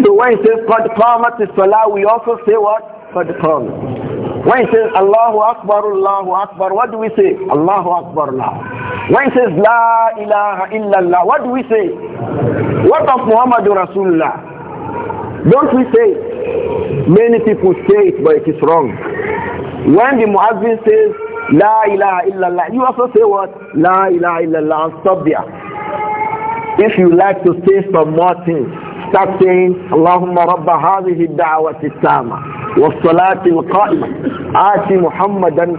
So when it says قَدْ is الصَّلَاةِ we also say what? قَدْ قَامَتِ When it says Allahu Akbar, Allahu Akbar, what do we say? Allahu Akbar, Allah. When it says La ilaha illallah, what do we say? What of Muhammad Rasulullah? Don't we say Many people say it, but it is wrong. When the Muazzin says La ilaha illallah, you also say what? La ilaha illallah and stop there. If you like to say some more things, start saying, Allahumma rabba hadhihi da'wati tama wa salati al-qa'ima ati Muhammadan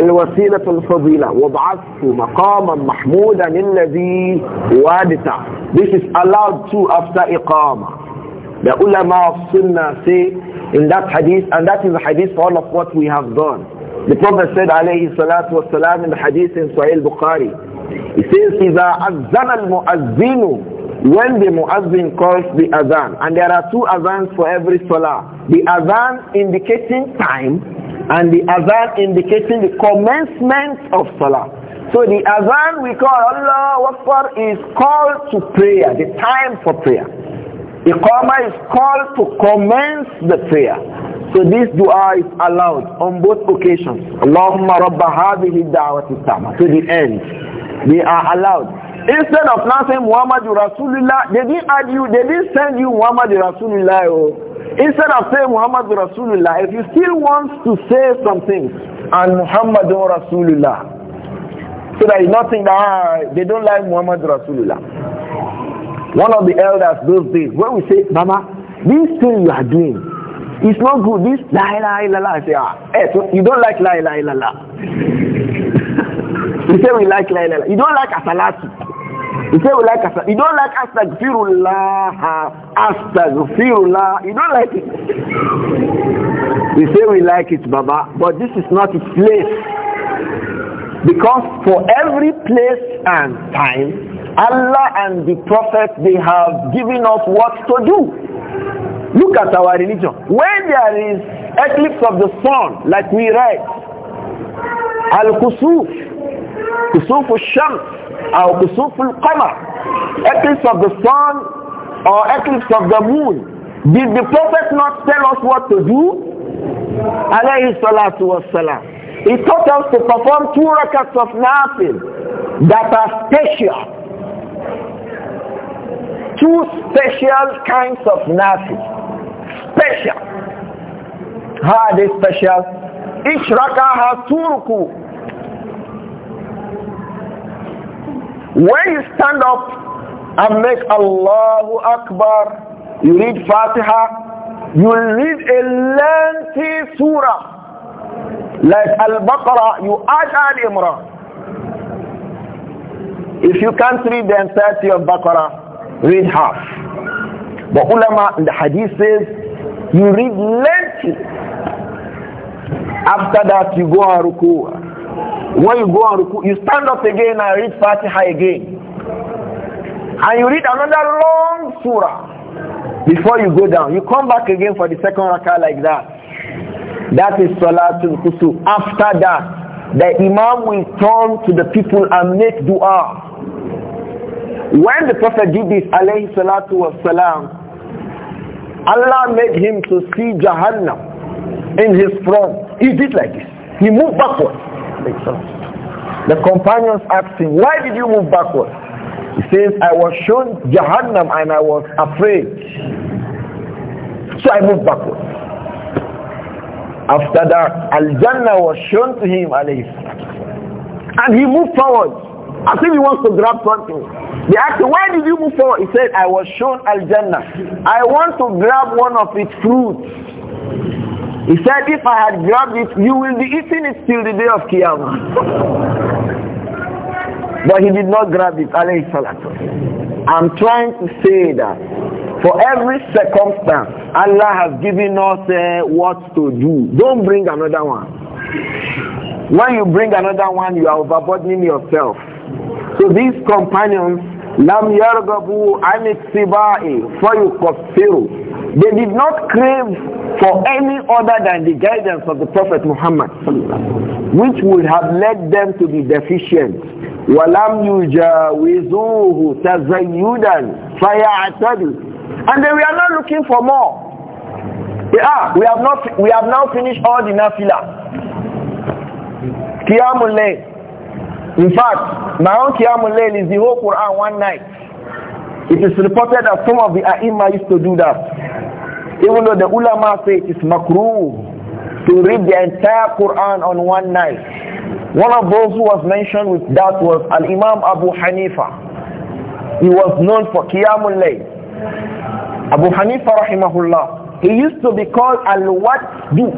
al-wasilata al-fadila wa ba'athu maqaman mahmudan alladhi wadita. This is allowed to after iqama. The ulama of sunnah say in that hadith, and that is a hadith for all of what we have done. The Prophet said alayhi salatu wasalam in the hadith in Sahih Bukhari, he says, azan al-muazzinu When the muazzin calls the azan, and there are two azans for every salah, the azan indicating time, and the azan indicating the commencement of salah. So the azan we call Allah Akbar is called to prayer, the time for prayer. The Iqamah is called to commence the prayer. So this dua is allowed on both occasions. Allahumma rabba hadhihi da'wati tama. To the end. They are allowed. Instead of now saying Muhammad Rasulullah, they didn't add you, they didn't send you Muhammad Rasulullah. Oh. Instead of saying Muhammad Rasulullah, if you still want to say something, and Muhammad Rasulullah, so that you not think that ah, they don't like Muhammad Rasulullah. One of the elders those days, when we say, Mama, this thing you are doing, it's not good. This la la la. I say, ah, eh, so you don't like la la la. You say we like la ilaha. You don't like asalati. You say we like asalati. You don't like astaghfirullah. Astaghfirullah. You don't like it. You say we like it, Baba. But this is not its place. Because for every place and time, Allah and the Prophet, they have given us what to do. Look at our religion. When there is eclipse of the sun, like we read, Al-Kusuf, Kusuf al-Shams or Kusuf al-Qamar, eclipse of the sun or eclipse of the moon. Did the Prophet not tell us what to do? Alayhi salatu wassalam. He taught us to perform two rakats of nafil that are special. Two special kinds of nafil. Special. How are they special? Each rakah has two ruku. When you stand up and make Allahu Akbar, you read Fatiha, you read a lengthy surah. Like Al-Baqarah, you add Al-Imran. If you can't read the entirety of Baqarah, read half. The ulama in the hadith says, you read lengthy. After that, you go on ruku'ah. When you go on ruku, you stand up again and read Fatiha again. And you read another long surah before you go down. You come back again for the second rakah like that. That is Salatul kusu. After that, the Imam will turn to the people and make dua. When the Prophet did this, alayhi salatu wasalam, Allah made him to see Jahannam in his front. He did like this. He moved backward. The companions asked him, why did you move backward? He says, I was shown Jahannam and I was afraid. So I moved backward. After that, Al-Jannah was shown to him, alayhi. And he moved forward. I think he wants to grab something. They asked him, why did you move forward? He said, I was shown Al-Jannah. I want to grab one of its fruits. He said, if I had grabbed it, you will be eating it till the day of Qiyamah. but he did not grab it, I'm trying to say that for every circumstance, Allah has given us uh, what to do. Don't bring another one. When you bring another one, you are overburdening yourself. So these companions, لم يرغبوا عن اتباعي فيقصروا they did not crave for any other than the guidance of the Prophet Muhammad, which would have led them to be deficient. وَلَمْ يُجَاوِزُوهُ تَزَيُّدًا فَيَعْتَدُوا And they were not looking for more. are. we have not we have now finished all the nafila. Qiyamul In fact, my own Qiyamul is the whole Quran one night. It is reported that some of the Aima used to do that. Even though the ulama say it is makruh to read the entire Quran on one night. One of those who was mentioned with that was Al-Imam Abu Hanifa. He was known for Qiyamul Layl. Abu Hanifa rahimahullah. He used to be called Al-Wadu.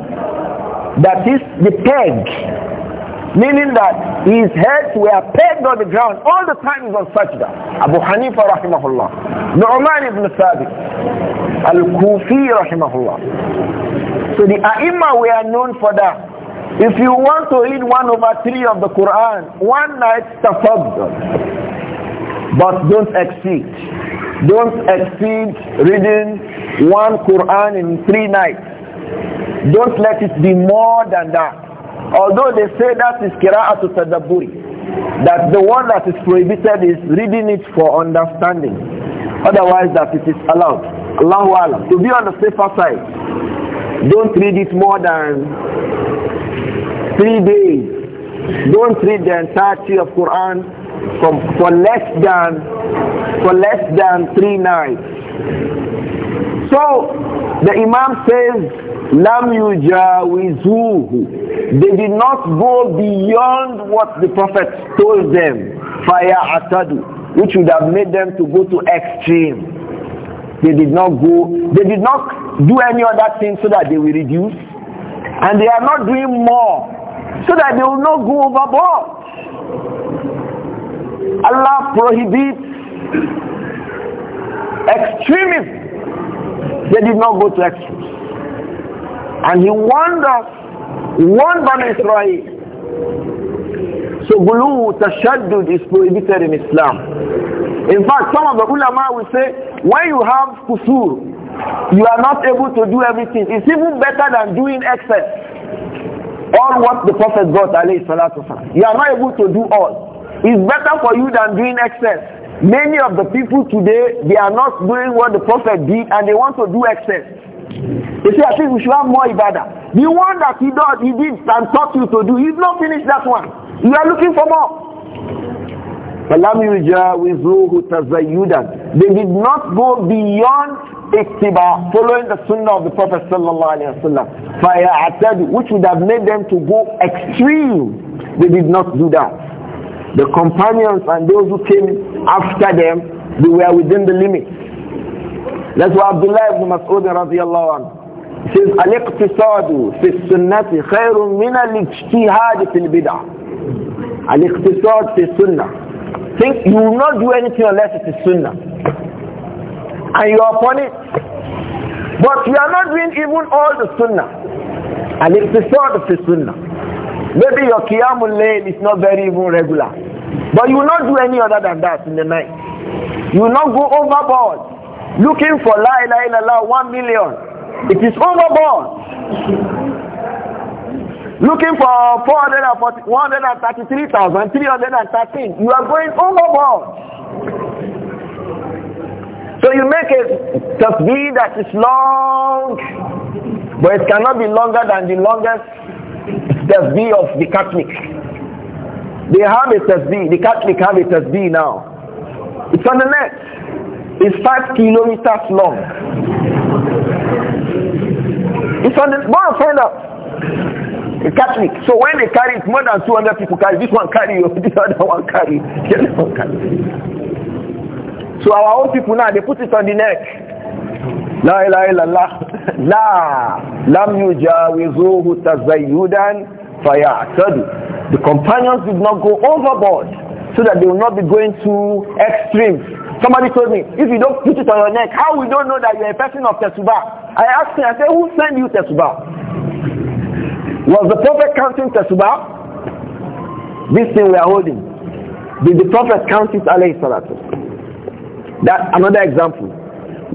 That is the peg Meaning that his head were pegged on the ground all the times of sajda. Abu Hanifa rahimahullah. Nu'man ibn Thabit. Al-Kufi rahimahullah. So the A'imma were known for that. If you want to read one over three of the Quran, one night tafaddal. But don't exceed. Don't exceed reading one Quran in three nights. Don't let it be more than that. Although they say that is qira'atu tadabburi, that the one that is prohibited is reading it for understanding. Otherwise that it is allowed. Allahu To be on the safer side, don't read it more than three days. Don't read the entirety of Quran for less than for less than three nights. So the Imam says, Lam yujawizuhu. They did not go beyond what the Prophet told them, fire atadu, which would have made them to go to extreme. They did not go, they did not do any other thing so that they will reduce. And they are not doing more so that they will not go overboard. Allah prohibits extremism they did not go to extremes. And he warned us, warned Bani Israel. So gulu tashaddud is prohibited in Islam. In fact, some of the ulama will say, when you have kusur, you are not able to do everything. It's even better than doing excess. All what the Prophet brought, alayhi salatu You are not able to do all. It's better for you than doing excess. Many of the people today, they are not doing what the prophet did and they want to do excess. You see, I think we should have more ibadah. The one that he does, he did and taught you to do, he's not finished that one. You are looking for more. They did not go beyond ittiba, following the sunnah of the Prophet sallallahu alayhi wa sallam. Which would have made them to go extreme. They did not do that. The companions and those who came after them, they were within the limit. That's why Abdullah ibn Mas'ud radiallahu anhu says, Al-iqtisadu fi sunnati khairun min al-ijtihad fil bid'ah. Al-iqtisad fi sunnah. Think you will not do anything unless it is sunnah. And you are upon it. But you are not doing even all the sunnah. Al-iqtisad fi sunnah. Maybe your qiyamul layl is not very even regular. But you will not do any other than that in the night. You will not go overboard looking for La ilaha illallah one million. It is overboard. Looking for 133,313. You are going overboard. So you make a tasbih that is long, but it cannot be longer than the longest tasbih of the Catholic. They have a tasbih. The Catholic have a tasbih now. It's on the net. It's five kilometers long. It's on the go and find out. A Catholic. So when they carry it, more than 200 people carry. This one carry, the other one carry, the other one carry. So our own people now, they put it on the neck. La ilaha illallah. La lam yujawizuhu tazayyudan فَيَعْتَدُ The companions did not go overboard so that they will not be going to extreme. Somebody told me, if you don't put it on your neck, how we don't know that you're a person of Tesubah? I asked him, I said, who sent you Tesubah? Was the prophet counting Tesubah? This thing we are holding. Did the prophet count it, alayhi salatu? That another example.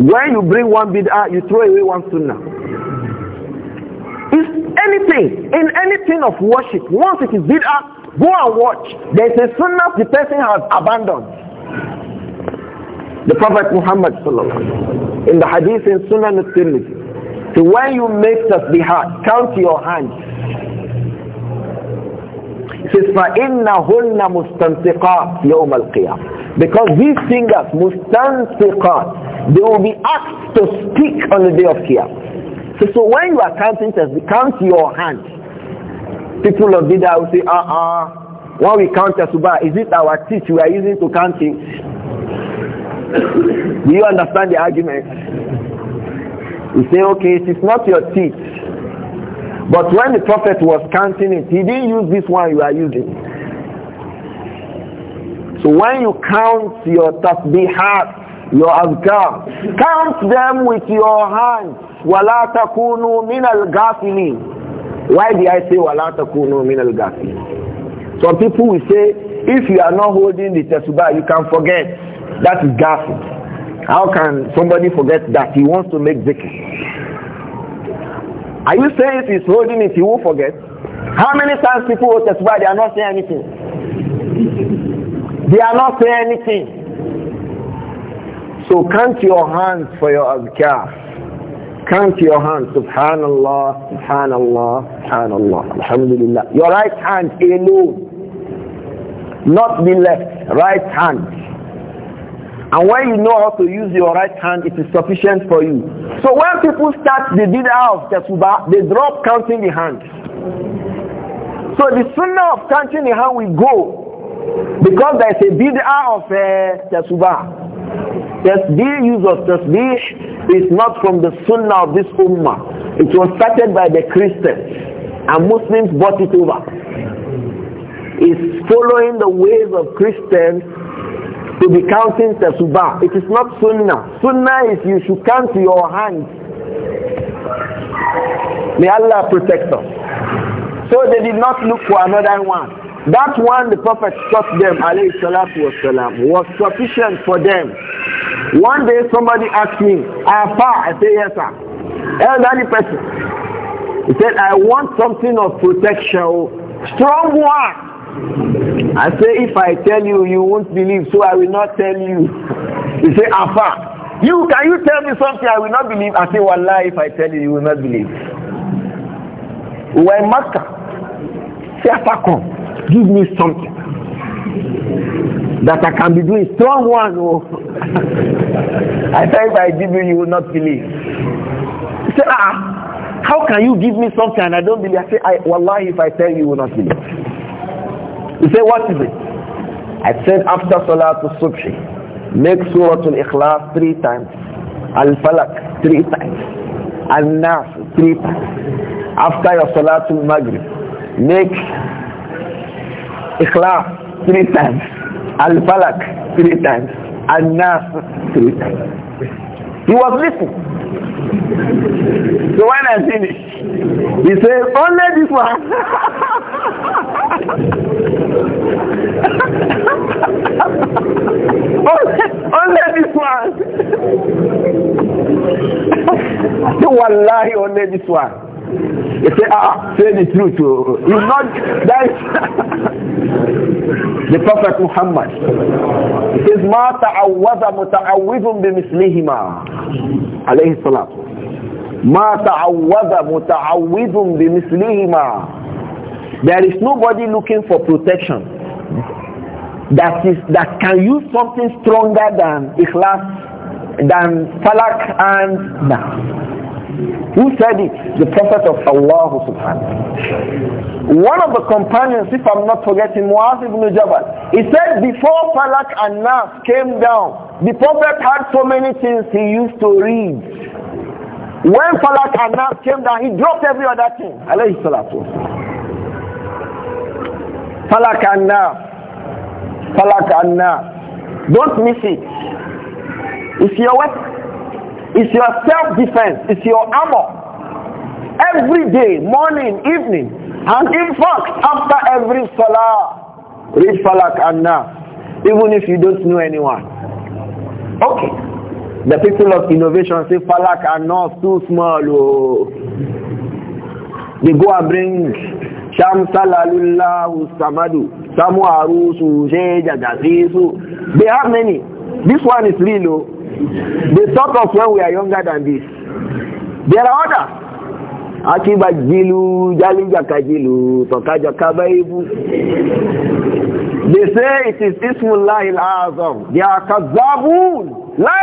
When you bring one bid'ah, you throw away one sunnah. If anything, in anything of worship, once it is bid'ah, go and watch. There is a sunnah the person has abandoned. The Prophet Muhammad in the hadith in Sunan al-Tirmidhi, so when you make tasbihah, count your hands. It says, فَإِنَّهُنَّ مُسْتَنْتِقَاتْ يَوْمَ الْقِيَامَةِ Because these singers, mustansiqat, they will be asked to speak on the day of Qiyamah. So, so when you are counting tasbih, count your hand. People of Bida will say, uh-uh, when we count tasbih, is it our teeth we are using to count things? Do you understand the argument? You say, okay, it is not your teeth. But when the prophet was counting it, he didn't use this one you are using. So when you count your tasbihat, your azkar, count them with your hands. وَلَا تَكُونُوا مِنَ الْغَافِلِينَ Why did I say walata تَكُونُوا mina الْغَافِلِينَ Some people will say, if you are not holding the tesuba you can forget. That is ghafil. How can somebody forget that he wants to make zikr? Are you saying if he's holding it, he won't forget? How many times people will testify they are not saying anything? They are not saying anything. So count your hands for your azkar. Count your hands. Subhanallah, subhanallah, subhanallah, alhamdulillah. Your right hand alone. Not the left, right hand. And when you know how to use your right hand, it is sufficient for you. So when people start the bid'ah of Tasuba, they drop counting the hand. So the sunnah of counting the hand will go because there is a bid'ah of uh, eh, Tasuba. Tasbih, use of tasbih is not from the sunnah of this ummah. It was started by the Christians and Muslims bought it over. It's following the ways of Christians to be counting tasbih. It is not sunnah. Sunnah is you should count to your hands. May Allah protect us. So they did not look for another one. That one the Prophet taught them, alayhi salatu wasalam, was sufficient for them. One day somebody asked me, Afa, I say yes sir. Elderly person. He said, I want something of protection, oh. strong one. I say, if I tell you, you won't believe, so I will not tell you. He said, Afa, you, can you tell me something I will not believe? I say, Wallah, if I tell you, you will not believe. We were Makkah. Afa, come give me something that I can be doing. Strong one, oh. I tell if I give you, you will not believe. He said, ah, how can you give me something and I don't believe? I say, I, wallahi, if I tell you, you will not believe. He said, what is it? I said, after Salatul Subhi, make Surah Al-Ikhlas three times, Al-Falak three times, Al-Nas three times. After your Salatul Maghrib, make Ikhlas three times, Al-Falak three times, Al-Nas three times. He was listening. So when I finished, he said, only this one. only, only this one. so wallahi, only this one. He said, ah, say the truth. Oh. He's not, that's... The Prophet Muhammad says, مَا تَعَوَّذَ مُتَعَوِّذٌ بِمِثْلِهِمَا عليه الصلاة ma تَعَوَّذَ مُتَعَوِّذٌ بِمِثْلِهِمَا There is nobody looking for protection that is that can use something stronger than ikhlas, than falak and nah. Who said it? The Prophet of Allah subhanahu One of the companions, if I'm not forgetting, Muaz ibn Jabal, he said before Falak and Nas came down, the Prophet had so many things he used to read. When Falak and Nas came down, he dropped every other thing. Alayhi salatu Falak and Nas. Falak and Nas. Don't miss it. If you're what it's your self-defense. It's your armor. Every day, morning, evening, and in fact, after every salah, read Falak and even if you don't know anyone. Okay. The people of innovation say Falak and Nas too small. Oh. They go and bring Shamsalalullahu Samadu, Samu Arusu, They have many. This one is real. Oh. They thought of when we are younger than this. There are others. Akiba jilu, jalinja kajilu, tokaja kabaibu. They say it is Ismullah al-Azam. They are kazabun. La!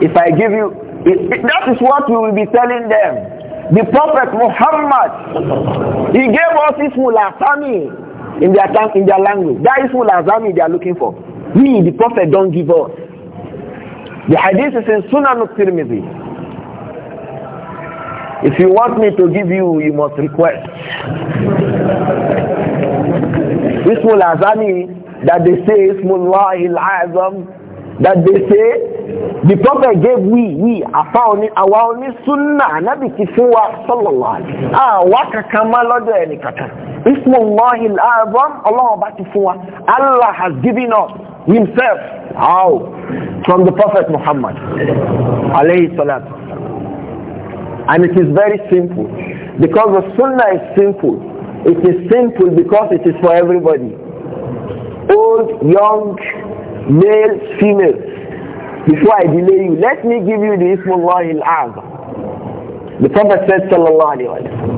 If I give you, it, it, that is what we will be telling them the prophet muhammad he gave us ismul azami in their in their language that ismul azami they are looking for we, the Prophet, don't give up. The hadith is in Sunan al-Tirmidhi. If you want me to give you, you must request. Ismul Azani that they say Ismullah al-Azam that they say the prophet gave we we afaoni awaoni sunnah nabi ti wa sallallahu alaihi ah wa kankan ma lọ́dọ̀ ẹnì kankan Ismullah al-Azam Allah abatifuwa. Allah has given us himself how from the prophet muhammad and it is very simple because the sunnah is simple it is simple because it is for everybody old young males females before i delay you let me give you the ismullah al-azam the prophet said sallallahu alayhi wa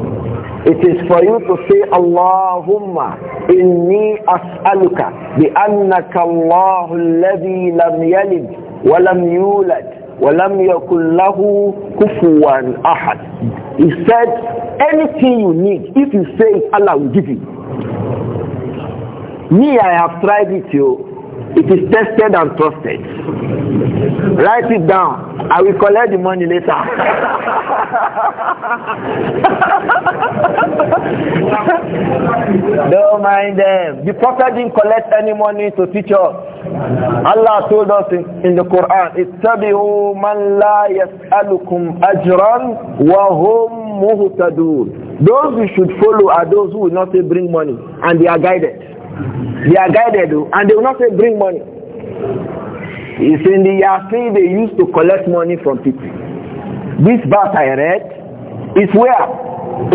it is for you to say, Allahumma inni as'aluka bi annaka Allahu alladhi lam yalid wa lam yulad ولم يكن له كفوا he said anything you need if you say it allah will give you me i have tried it you it is tested and trusted. Write it down. I will collect the money later. Don't mind them. The prophet didn't collect any money to teach us. Allah told us in, in the Quran, اتبعوا من لا يسألكم أجرا وهم مهتدون. Those who should follow are those who will not say bring money and they are guided. They are guided oh, and they will not say bring money. It's in the Yasin they used to collect money from people. This verse I read is where?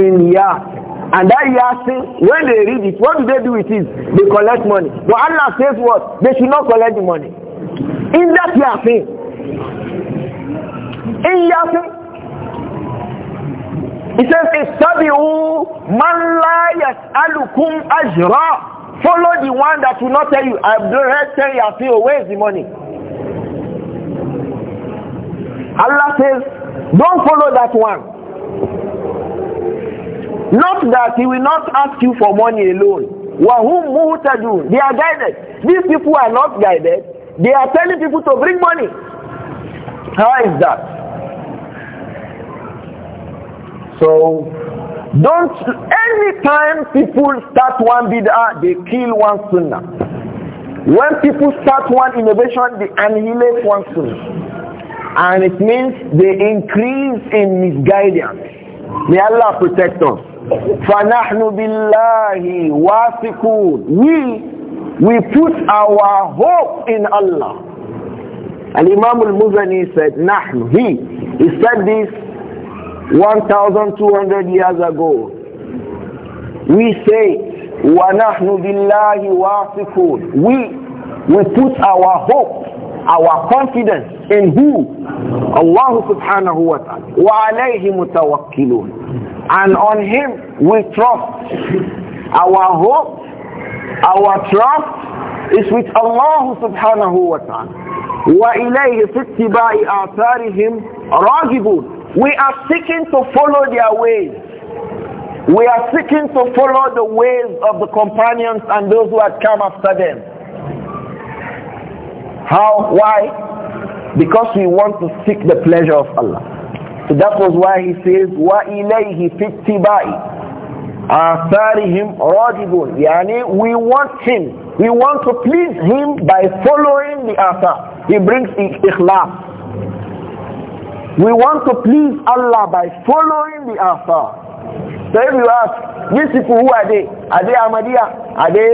In Yasin. And that Yasin, when they read it, what do they do with it? They collect money. But Allah says what? They should not collect the money. In that Yasin. In Yasin. He says, Istabi'u man la Follow the one that will not tell you, I've already tell you, I feel, where is the money? Allah says, don't follow that one. Not that he will not ask you for money alone. Wahum muhtajun. They are guided. These people are not guided. They are telling people to bring money. How is that? So, don't time people start one bid'ah, they kill one sunnah. When people start one innovation, they annihilate one sunnah. And it means they increase in misguidance. May Allah protect us. فَنَحْنُ بِاللَّهِ وَاسِكُونَ We, we put our hope in Allah. And Imam al-Muzani said, نَحْنُ He, he said this 1,200 years ago we say, وَنَحْنُ بِاللَّهِ وَاثِقُونَ We, we put our hope, our confidence in who? Allah subhanahu wa ta'ala. وَعَلَيْهِ مُتَوَكِّلُونَ And on Him we trust. Our hope, our trust is with Allah subhanahu wa ta'ala. وَإِلَيْهِ فِي اتِّبَاعِ آثَارِهِمْ رَاغِبُونَ We are seeking to follow their ways. We are seeking to follow the ways of the companions and those who had come after them. How? Why? Because we want to seek the pleasure of Allah. So that was why he says, وَإِلَيْهِ fiti اتِّبَاعِ asarihim رَاجِبُونَ Yani, we want him. We want to please him by following the athar. He brings ikhlas. We want to please Allah by following the athar. So if you ask, these people who are they? Are they Ahmadiyya? Are they...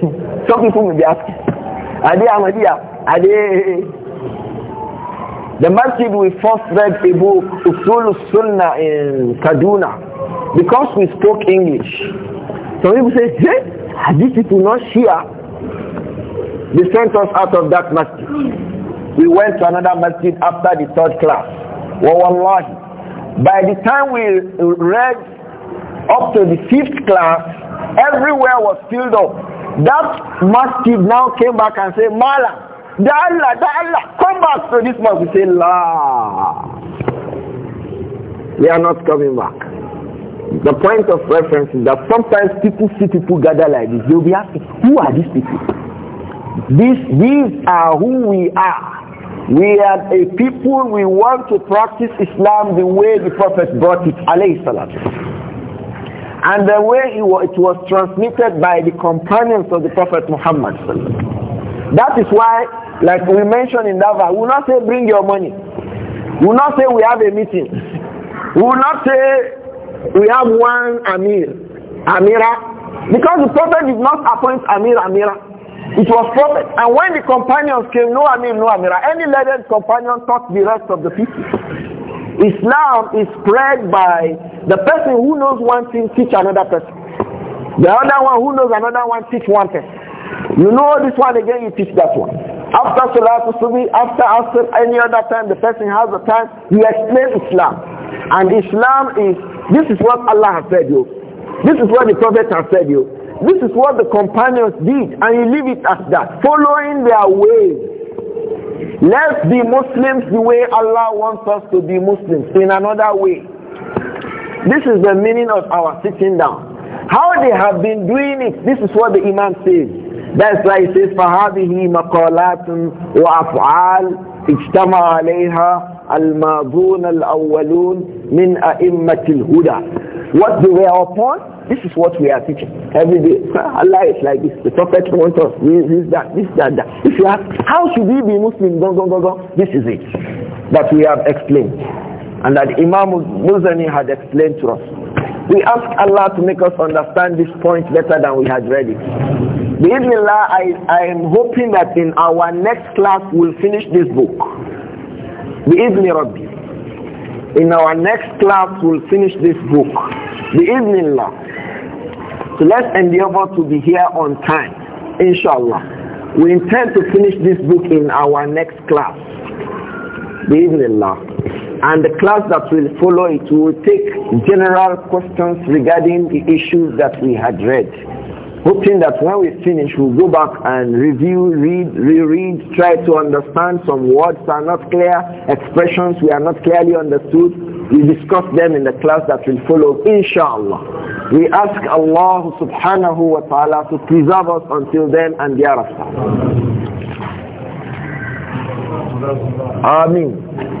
Some people will be asking. Are they Ahmadiyya? Are they... The masjid we first read a book, Usul Sunnah in Kaduna, because we spoke English. Some people say, hey, are these people not Shia? They sent us out of that masjid. We went to another masjid after the third class. Wallahi, By the time we read up to the fifth class, everywhere was filled up. That masjid now came back and said, Mala, the Allah, the Allah, come back to this mosque. say, La. they are not coming back. The point of reference is that sometimes people see people gather like this. They'll be asking, who are these people? These, these are who we are. We are a people, we want to practice Islam the way the Prophet brought it, alayhi And the way it was transmitted by the companions of the Prophet Muhammad That is why, like we mentioned in Dava, we will not say bring your money. We will not say we have a meeting. We will not say we have one Amir, Amira. Because the Prophet did not appoint Amir, Amira. It was prophet. And when the companions came, no Amir, no Amira, any learned companion taught the rest of the people. Islam is spread by the person who knows one thing, teach another person. The other one who knows another one, teach one person. You know this one again, you teach that one. After Salatul Subi, after any other time, the person has the time, you explain Islam. And Islam is, this is what Allah has said you. This is what the Prophet has said you. This is what the companions did and you leave it as that. Following their way. Let's be Muslims the way Allah wants us to be Muslims in another way. This is the meaning of our sitting down. How they have been doing it, this is what the Imam says. That's why he says, فَهَذِهِ مَقَالَاتٌ وَأَفْعَالٌ اجْتَمَعَ عَلَيْهَا الْمَاضُونَ الْأَوَّلُونَ مِنْ أَئِمَّةِ الْهُدَى what they were upon, this is what we are teaching every day. Ah, Allah is like this. The Prophet wants us this, that, this, that, that. If you ask, how should we be Muslim? Go, go, go, go. This is it that we have explained. And that Imam Muzani had explained to us. We ask Allah to make us understand this point better than we had read it. Bismillah, I, I am hoping that in our next class we'll finish this book. بإذن Rabbi. In our next class, we'll finish this book. The evening law. So let's endeavor to be here on time, inshallah. We intend to finish this book in our next class. The evening law. And the class that will follow it will take general questions regarding the issues that we had read hoping that when we finish, we'll go back and review, read, reread, try to understand some words are not clear, expressions we are not clearly understood. We discuss them in the class that will follow, inshallah. We ask Allah subhanahu wa ta'ala to preserve us until then and thereafter. Amen.